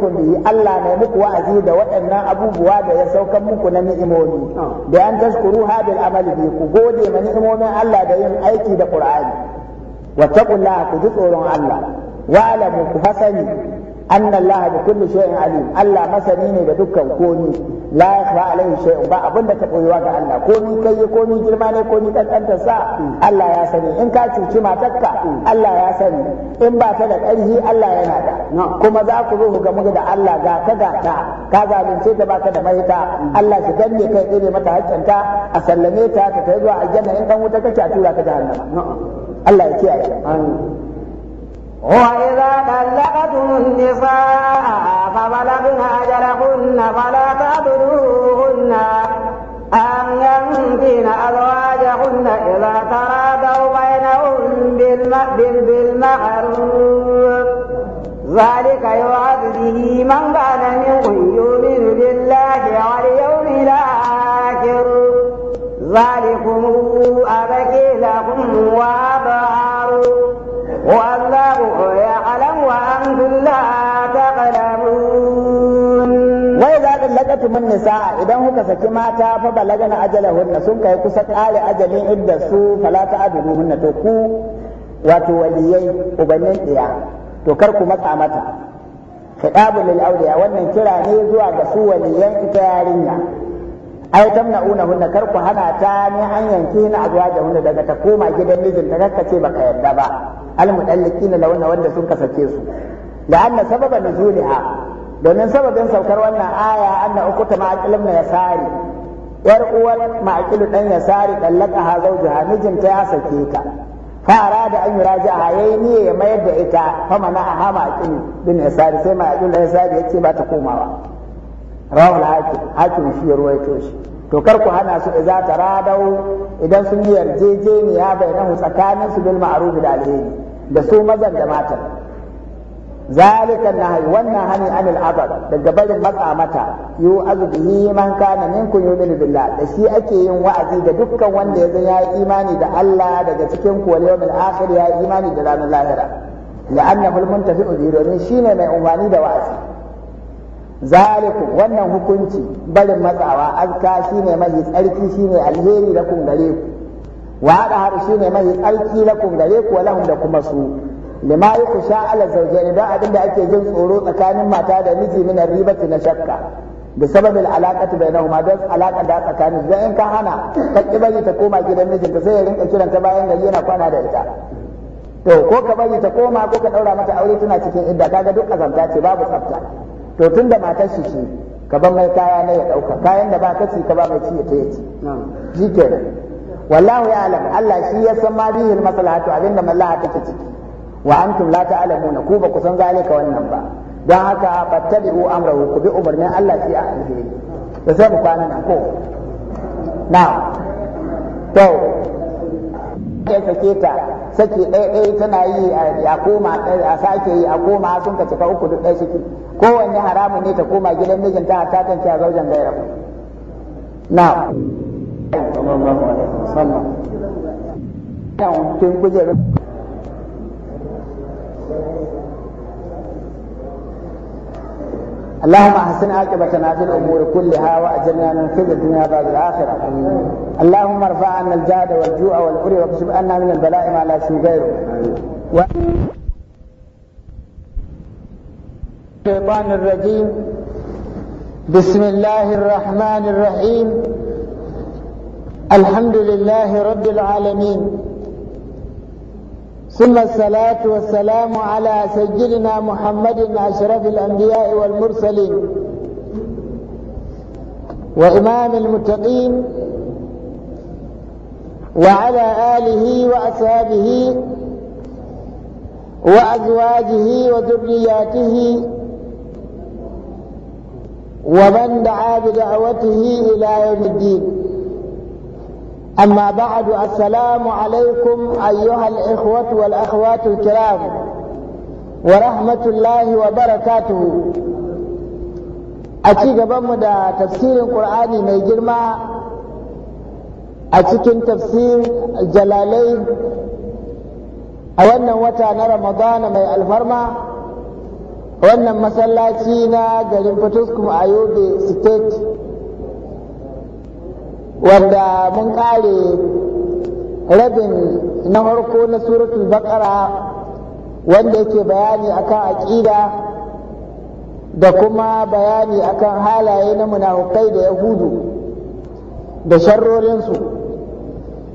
Allah mai muku wa'azi da waɗannan abubuwa da ya saukan muku na ni'imomi ah. da an taskuru habil amali bi ku gode ma ni'imomin Allah da yin aiki da Qur'ani wa taqullaha ku ji tsoron Allah wa alamu ku fasani anna allaha bi kulli shay'in alim allah masani ne da dukkan komi la yakhfa alaihi shay'un ba abin da ka koyuwa ga allah komi kai ni girma ne komi kankanta sa allah ya sani in ka cuci matarka allah ya sani in ba ta da ƙarfi allah yana da kuma za ku zo ku gamu da allah ga ka ga ta ka zalunce ta baka da maita allah shi danne kai ɗebe mata haƙƙinta a sallame ta ta kai zuwa aljanna in dan wuta kace a tura ka jahannama allah ya kiyaye وإذا بلغتم النساء فبلغن أجلهن فلا تعبدوهن أن ينفين أزواجهن إذا ترادوا بينهم بالمعروف ذلك يوعد به من كان منكم يؤمن بالله واليوم الآخر ذلكم أبكي لكم وأبعد nisaa idan kuka saki mata fa balagana ajalahunna sun kai kusa kare ajalin idda su fala ta'duhunna to ku wato waliyai ubannin diya to kar ku matsa mata khidabu lil awliya wannan kira ne zuwa ga su waliyan ita yarinya ai tamna'una hunna kar ku hana ta ni an yanki na azwajahunna daga ta koma gidan mijinta kakka ce baka yarda ba al na lawanna wanda sun kasace su da anna sababa nuzuliha domin sababin saukar wannan aya anna ukuta ma'aqil ya yasari yar uwar ma'aqil dan yasari dallaka ha ha mijinta ya sake ta fa da an a yayi niyya ya mayar da ita fa mana ha ma'aqil ya yasari sai ma'aqil ibn yasari yace ba ta komawa rawul hakim hakim shi ya ruwaito shi to kar ku hana su idza taradau idan sun yi yarjejeniya bainahu tsakaninsu bil ma'ruf da alheri da su mazan da matan ذلك النهي وانا هني عن العبد daga barin matsa mata yu azbihi man kana minkum yu'minu billah da shi ake yin wa'azi da dukkan wanda ya zan yayi imani da Allah daga cikin ku wal yawmil akhir ya imani da ranar lahira la'annahu al-muntafi'u bi shine mai umarni da wa'azi zalikum wannan hukunci barin matsawa azka shine mai tsarki shine alheri lakum gare ku wa hada har shine mai tsarki lakum ku lahum da kuma su lima yi ku sha ala ne don abin da ake jin tsoro tsakanin mata da miji minar ribatu na shakka da sababin alaƙatu bai kuma don alaƙa da tsakanin don in ka hana ta ƙi bari ta koma gidan mijinta sai ya rinka kiran ta bayan gari yana kwana da ita to ko ka bari ta koma ko ka ɗaura mata aure tana cikin idda kaga duk azamta ce babu tsafta to tun da matar shi ce ka ban mai kaya na ya ɗauka kayan da ba ka ci ka ba mai ci ya ta ya ci wallahu ya alam Allah shi ya san ma bihil maslahatu abinda mallaha take ciki wa antum la ta'lamuna ku ba ku san zalika wannan ba don haka fattabi'u amrahu ku bi umarnin Allah shi a alheri da sai mu kwana nan ko na to ke sake ta sake ɗaya ɗaya tana yi a koma a sake yi a koma sun ka cika uku duk ɗaya suke kowanne haramun ne ta koma gidan mijinta a tatance a zaujen gaira na sallallahu alaihi wasallam اللهم احسن عاقبتنا في الامور كلها واجرنا من خزي الدنيا بعد الاخره اللهم ارفع عنا الجهد والجوع والعري واكشف عنا من البلاء ما لا شيء غيره و... الشيطان الرجيم بسم الله الرحمن الرحيم الحمد لله رب العالمين ثم الصلاة والسلام على سيدنا محمد أشرف الأنبياء والمرسلين وإمام المتقين وعلى آله وأصحابه وأزواجه وذرياته ومن دعا بدعوته إلى يوم الدين أما بعد السلام عليكم أيها الإخوة والأخوات الكرام ورحمة الله وبركاته أتي قبل دا تفسير القرآن ميجرما أتكن تفسير جلالين أولا وتانا رمضان مي الفرما wannan masallaci na garin fatuskum a yobe state wanda mun kare rabin na harko na suratul bakara wanda yake bayani akan aƙida da kuma bayani akan halaye na munafukai da yahudu da sharrorinsu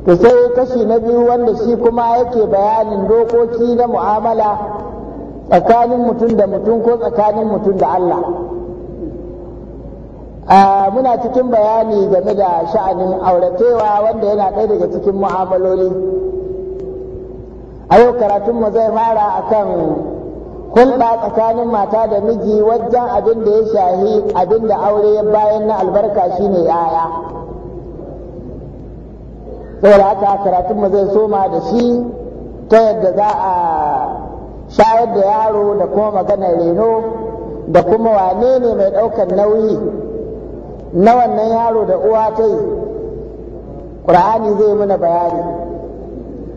to sai kashi na biyu wanda shi kuma yake bayanin dokoki na mu'amala tsakanin mutum da mutum ko tsakanin mutum da Allah Ah, muna cikin bayani game da sha'anin auratewa wanda yana ɗaya daga cikin mu'amaloli a yau karatunmu zai fara a kan hulɗa tsakanin mata da miji wajen abin da ya shahi abin da aure bayan na albarka shine yaya saboda haka karatunmu zai soma da shi ta yadda za a shayar da yaro da kuma maganar reno da kuma wane ne mai ɗaukar nauyi na wannan yaro da uwa ta yi ƙur'ani zai mana bayani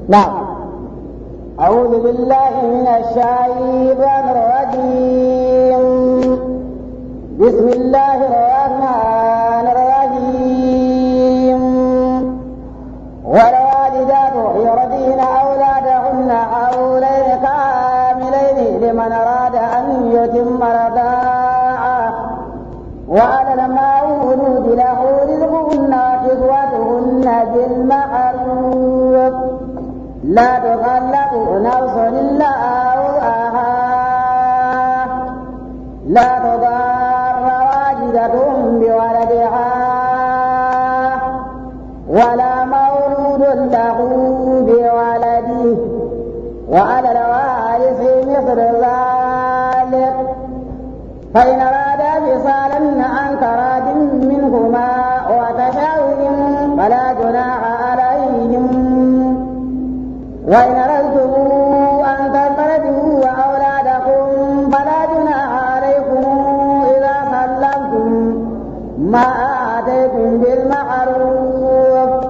na أعوذ بالله من الشيطان الرجيم بسم الله الرحمن الرحيم والوالدات يرضين أولادهن حولين كاملين لمن أراد أن يتم رضاعه وعلى لا تخلق نفس إلا وعاها لا تضار واجدة بولدها ولا مولود له بولده وعلى الوارث مثل ذلك فإن وإن أردتم أن تنقلبوا وأولادكم فلا جناح عليكم إذا سلمتم ما آتيتم بالمعروف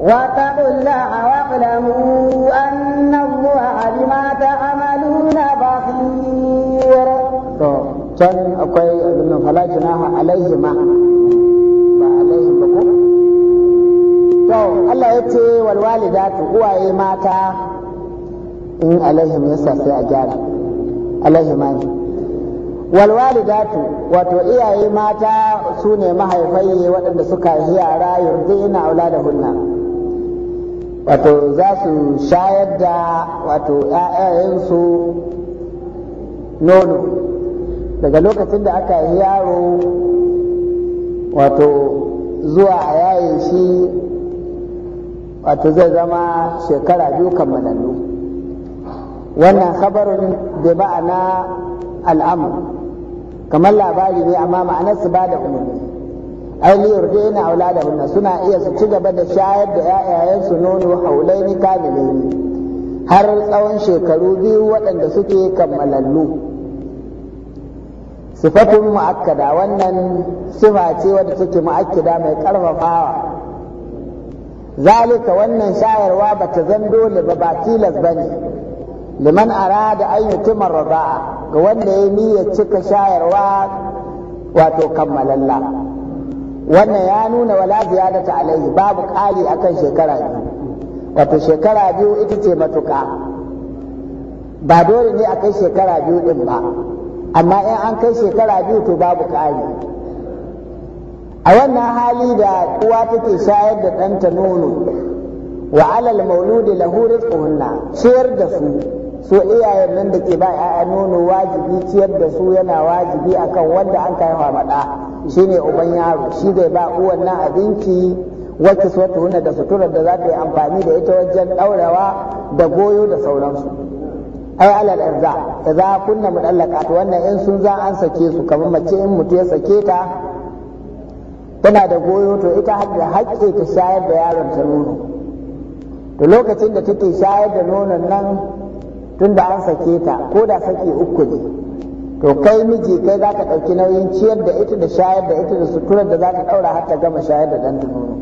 واتقوا الله واعلموا أن الله بما تعملون بصير. طيب akwai abin nan fala junaha alaihi ma Allah ya ce wal ta uwaye mata in alaihim yasa sai a gyara alaihim wal ta wato iyaye mata su ne mahaifai waɗanda suka yi yara da hunna wato za su shayar da wato ‘ya'yayensu nono daga lokacin da aka yi yaro wato zuwa a yayin shi wato zai zama shekara biyu kammalallu wannan khabarun da na al'amu. kamar labari ne amma ma'anarsu ba da umarni ai liyar da aula da wannan suna iya su ci gaba da shayar da 'ya'yayensu nono haulai ni ne. har tsawon shekaru biyu waɗanda suke kammalallu sifatun mu'akkada wannan sifa ce wadda take mu'akkida mai ƙarfafawa. zalika wannan shayarwa ba ta zan dole ba ba tilas ba ne liman da an yi tumar ga wanda ya niyyar cika shayarwa wato kammalalla wannan ya nuna wala ta alaihi babu ƙari akan shekara biyu wato shekara biyu ita ce matuka. ba dole ne a kai shekara biyu din ba amma in an kai shekara biyu to babu ƙari a wannan hali da uwa take shayar da ɗanta nono wa alal mauludi lahu rizquhunna ciyar da su so iyayen nan da ke ba 'ya'yan nono wajibi ciyar da su yana wajibi akan wanda an kai maɗa shine uban yaro shi zai ba uwan nan abinci wacce su wata hunna da suturar da za ta yi amfani da ita wajen ɗaurawa da goyo da sauransu ai alal arza idza kunna mudallaqat wannan in sun za an sake su kamar mace in mutu ya sake ta tana da goyo to ita hanyar haƙƙe ta shayar da yaron ta nono to lokacin da take shayar da nonon nan tun da an sake ta ko da sake uku ne to kai miji kai za ka ɗauki nauyin ciyar da ita da shayar da ita da suturar da za ka ɗaura har ta gama shayar da ɗan nono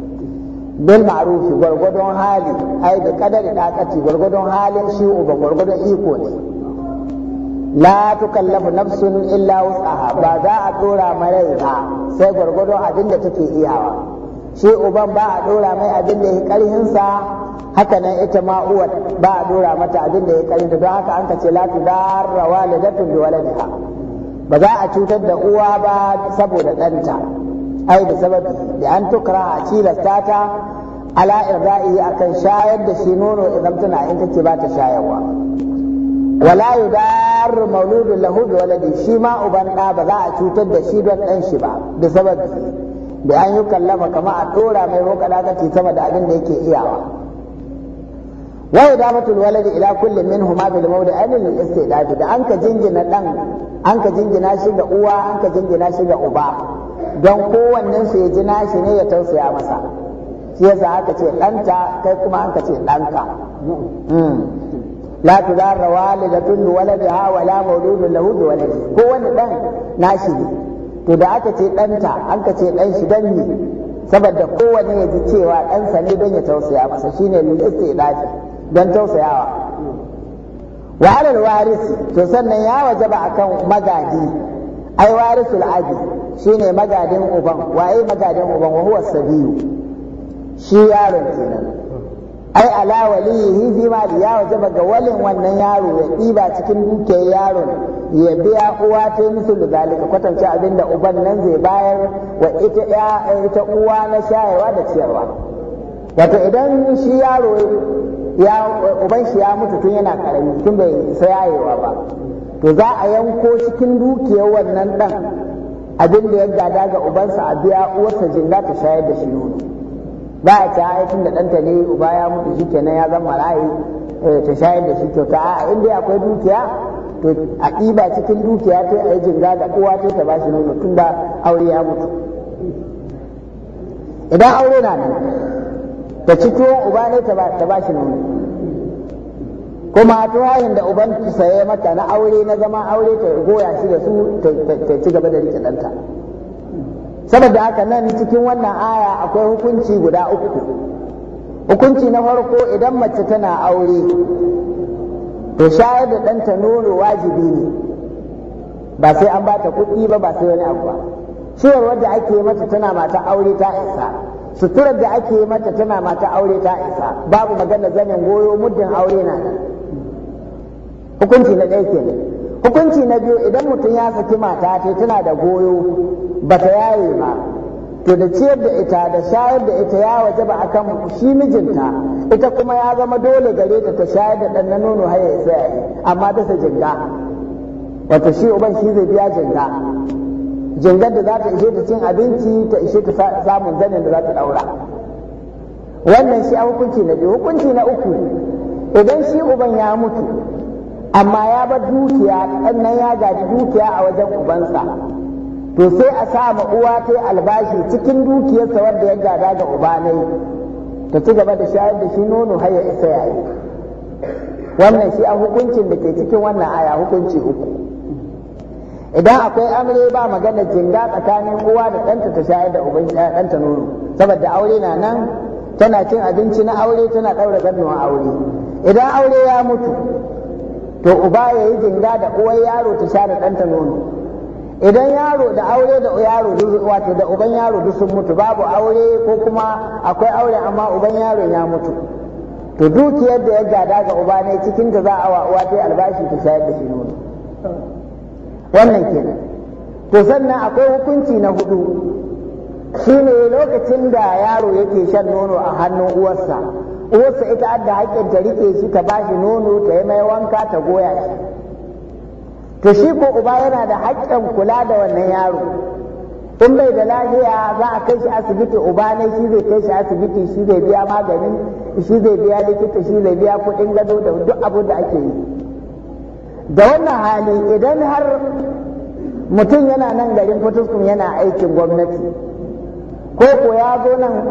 bil ma'rufi gwargwadon hali ai da kadari ɗakaci gwargwadon halin shi uba gwargwadon iko ne la tukallafu nafsun illa wusa ba za a dora rai ba sai gwargwadon abin da take iyawa shi uban ba a dora mai abin da ya karhinsa haka nan ita ma uwar ba a dora mata abin da ya karhinta don haka an ka ce la tudarra walidatun bi waladiha ba za a cutar da uwa ba saboda ɗanta ai da sababi da an tukra a cilasta ta ala irda'i akan shayar da shi nono idan tana in take ba ta shayarwa wala yudar mauludun Lahudi bi waladi shi ma uban da ba za a cutar da shi don ɗan shi ba da sababi da an yi kallafa kama a dora mai roka dagaci sama da abin da yake iyawa wa idamatul waladi ila min minhuma bil mawdi'in da istidad da an ka jingina dan an ka jingina shi ga uwa an ka jingina shi ga uba don kowannen su ya ji nashi ne ya tausaya masa shi yasa aka ce ɗanta kai kuma an ka ce ɗanka hmm. la tudarra tun bi waladiha wa la mawludun lahu bi waladi ko wani dan nashi ne to da aka ce danta an ka ce dan shi dan ne saboda kowane ya ji cewa ɗansa ne don ya tausaya masa shine ya dace don tausayawa wa alal warisi to sannan ya wajaba akan magadi ai warisul abi shine magadin uban waye magadin uban wa huwa sabiyu shi yaron kenan ai ala walihi bi ma ya wajaba ga walin wannan yaro ya ɗiba cikin dukiyar yaro ya biya uwa ta yi musu zalika kwatance abin da uban nan zai bayar wa ita ita uwa na shayarwa da ciyarwa wato idan shi yaro ya uban shi ya mutu tun yana karami tun bai sayayewa ba to za a yanko cikin dukiyar wannan dan abin da ya gada ga ubansa a biya uwarsa jinda ta shayar da shi nono ba a ce ai tun da ɗanta ne uba ya mutu shi kenan ya zama ra'ayi eh, ta shayar da shi kyauta a inda akwai dukiya to a ɗiba cikin dukiya ta a yi jinga ga uwa ta ta shi nono tun da aure ya mutu idan aure na nan ta ci tuwon uba ne ta shi nono kuma tuwayin da uban ki saye mata na aure na zama aure ta goya shi da su ta ci gaba da riƙe ɗanta. saboda haka nan cikin wannan aya akwai hukunci guda uku hukunci na farko idan mace tana aure to shayar da ɗanta nono wajibi ne ba sai an bata kuɗi ba ba sai wani abu ba ciwar wadda ake mata tana mata aure ta isa suturar da ake mata tana mata aure ta isa babu magana zanen goyo muddin aure na hukunci na ɗaya kenan hukunci na biyu idan mutum ya saki mata ce tana da goyo ba ta yaye ba to da ciyar da ita da shayar da ita ya waje ba akan shi mijinta ita kuma ya zama dole gare ta ta shayar da ɗan na nono har ya isa yi amma dasa jinga wato shi uban shi zai biya jinga jingar da za ta ishe ta cin abinci ta ishe ta samun zanen da za ta ɗaura wannan shi a hukunci na biyu hukunci na uku idan shi uban ya mutu amma ya bar dukiya ɗannan ya gaji dukiya a wajen ubansa to sai a sa ma uwa ta albashi cikin dukiyarsa wanda ya gada ga ubanai ta ci gaba da shayar da shi nono har ya isa yayi wannan shi a hukuncin da ke cikin wannan aya hukunci uku idan akwai amre ba magana jinga tsakanin uwa da ɗanta ta shayar da uban eh, ɗanta nono saboda aure na nan tana cin abinci na aure tana ɗaura gannuwa aure idan aure ya mutu to uba ya yi jinga da uwar yaro ta sha da ɗanta nono idan yaro da aure da yaro wato da uban yaro duk sun mutu babu aure ko kuma akwai aure amma uban yaro ya mutu to dukiyar da ya gada ga uba ne cikin da za a wa uwa albashi ta share da nono wannan kenan to sannan akwai hukunci na hudu shine lokacin da yaro yake shan nono a hannun uwarsa uwarsa ita adda haƙƙin ta rike shi ta bashi nono ta yi mai wanka ta goya shi to shi ko uba yana da haƙƙin kula da wannan yaro in bai da lafiya za a kai shi asibiti uba ne shi zai kai shi asibiti shi zai biya magani shi zai biya likita shi zai biya kuɗin gado da duk abin da ake yi da wannan hali idan har mutum yana nan garin fituskun yana aikin gwamnati ko ko ya zo nan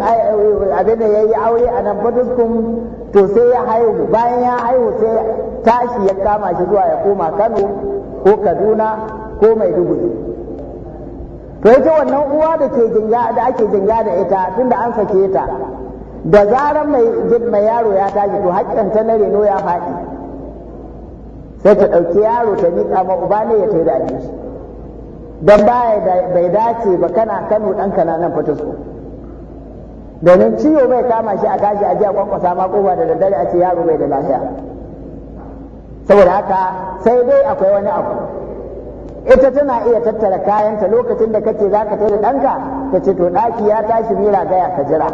abin da ya yi aure a nan fatuskun to sai ya haihu bayan ya haihu sai tashi ya kama shi zuwa ya koma kano ko kaduna ko mai dubu. to yake wannan uwa da ke jinga da ake jinga da ita tunda an sake ta da zaran mai mai yaro ya tashi to haƙƙin ta na reno ya faɗi sai ta ɗauki yaro ta miƙa ma uba ne ya tayi da abinci don baya bai dace ba kana kano ɗan kananan fatasko domin ciwo bai kama shi a kashi a jiya kwankwasa ma kofa da daddare a ce yaro bai da lafiya saboda haka sai dai akwai wani abu ita tana iya tattara kayanta lokacin da kake za ka tai da ɗanka ta ce to ɗaki ya tashi mira gaya ka jira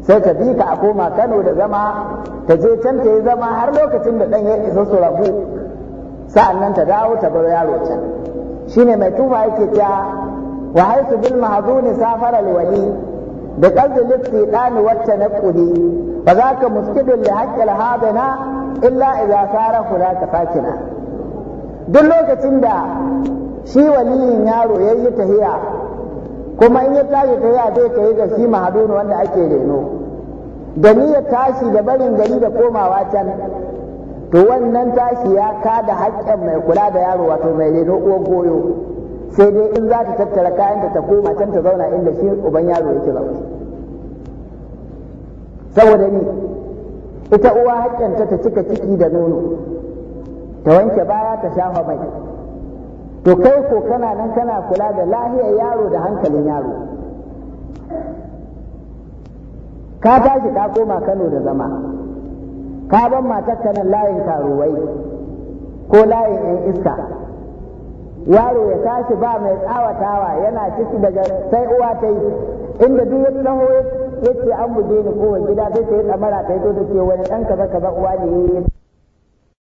sai ta bi ka a koma kano da zama ta je can ta yi zama har lokacin da ɗan ya isa su rabu sa'an nan ta dawo ta bar yaro can shine mai tufa yake ta wa haisu bil mahzuni safara wali da qalbi lifi dani wata naquli fa zaka muskidun li haqqil hadana illa idza sara hulaka fakina duk lokacin da shi waliyin yaro yayi tahiya kuma in ya tashi tahiya zai yi ga shi mahaduni wanda ake reno da ya tashi da barin gari da komawa can to wannan tashi ya da haƙƙin mai kula da yaro wato mai reno uwar goyo sai dai in za ta tattara kayan ta koma can ta zauna inda shi uban yaro yake zaune saboda ni ita uwa ta ta cika ciki da nono ta wanke baya ta shafa mai to kai ko kana nan kana kula da lahiyar yaro da hankalin yaro ka tashi ka koma kano da zama sabon matakka nan layin taruwai ko layin 'yan iska yaro ya tashi ba mai tsawatawa yana ciki daga sai uwa ta yi inda duk ya taho ya ce an buge ni kowa gida sai ta yi tsamara ta yi to da ke wani ɗan kaza kaza uwa ne ya yi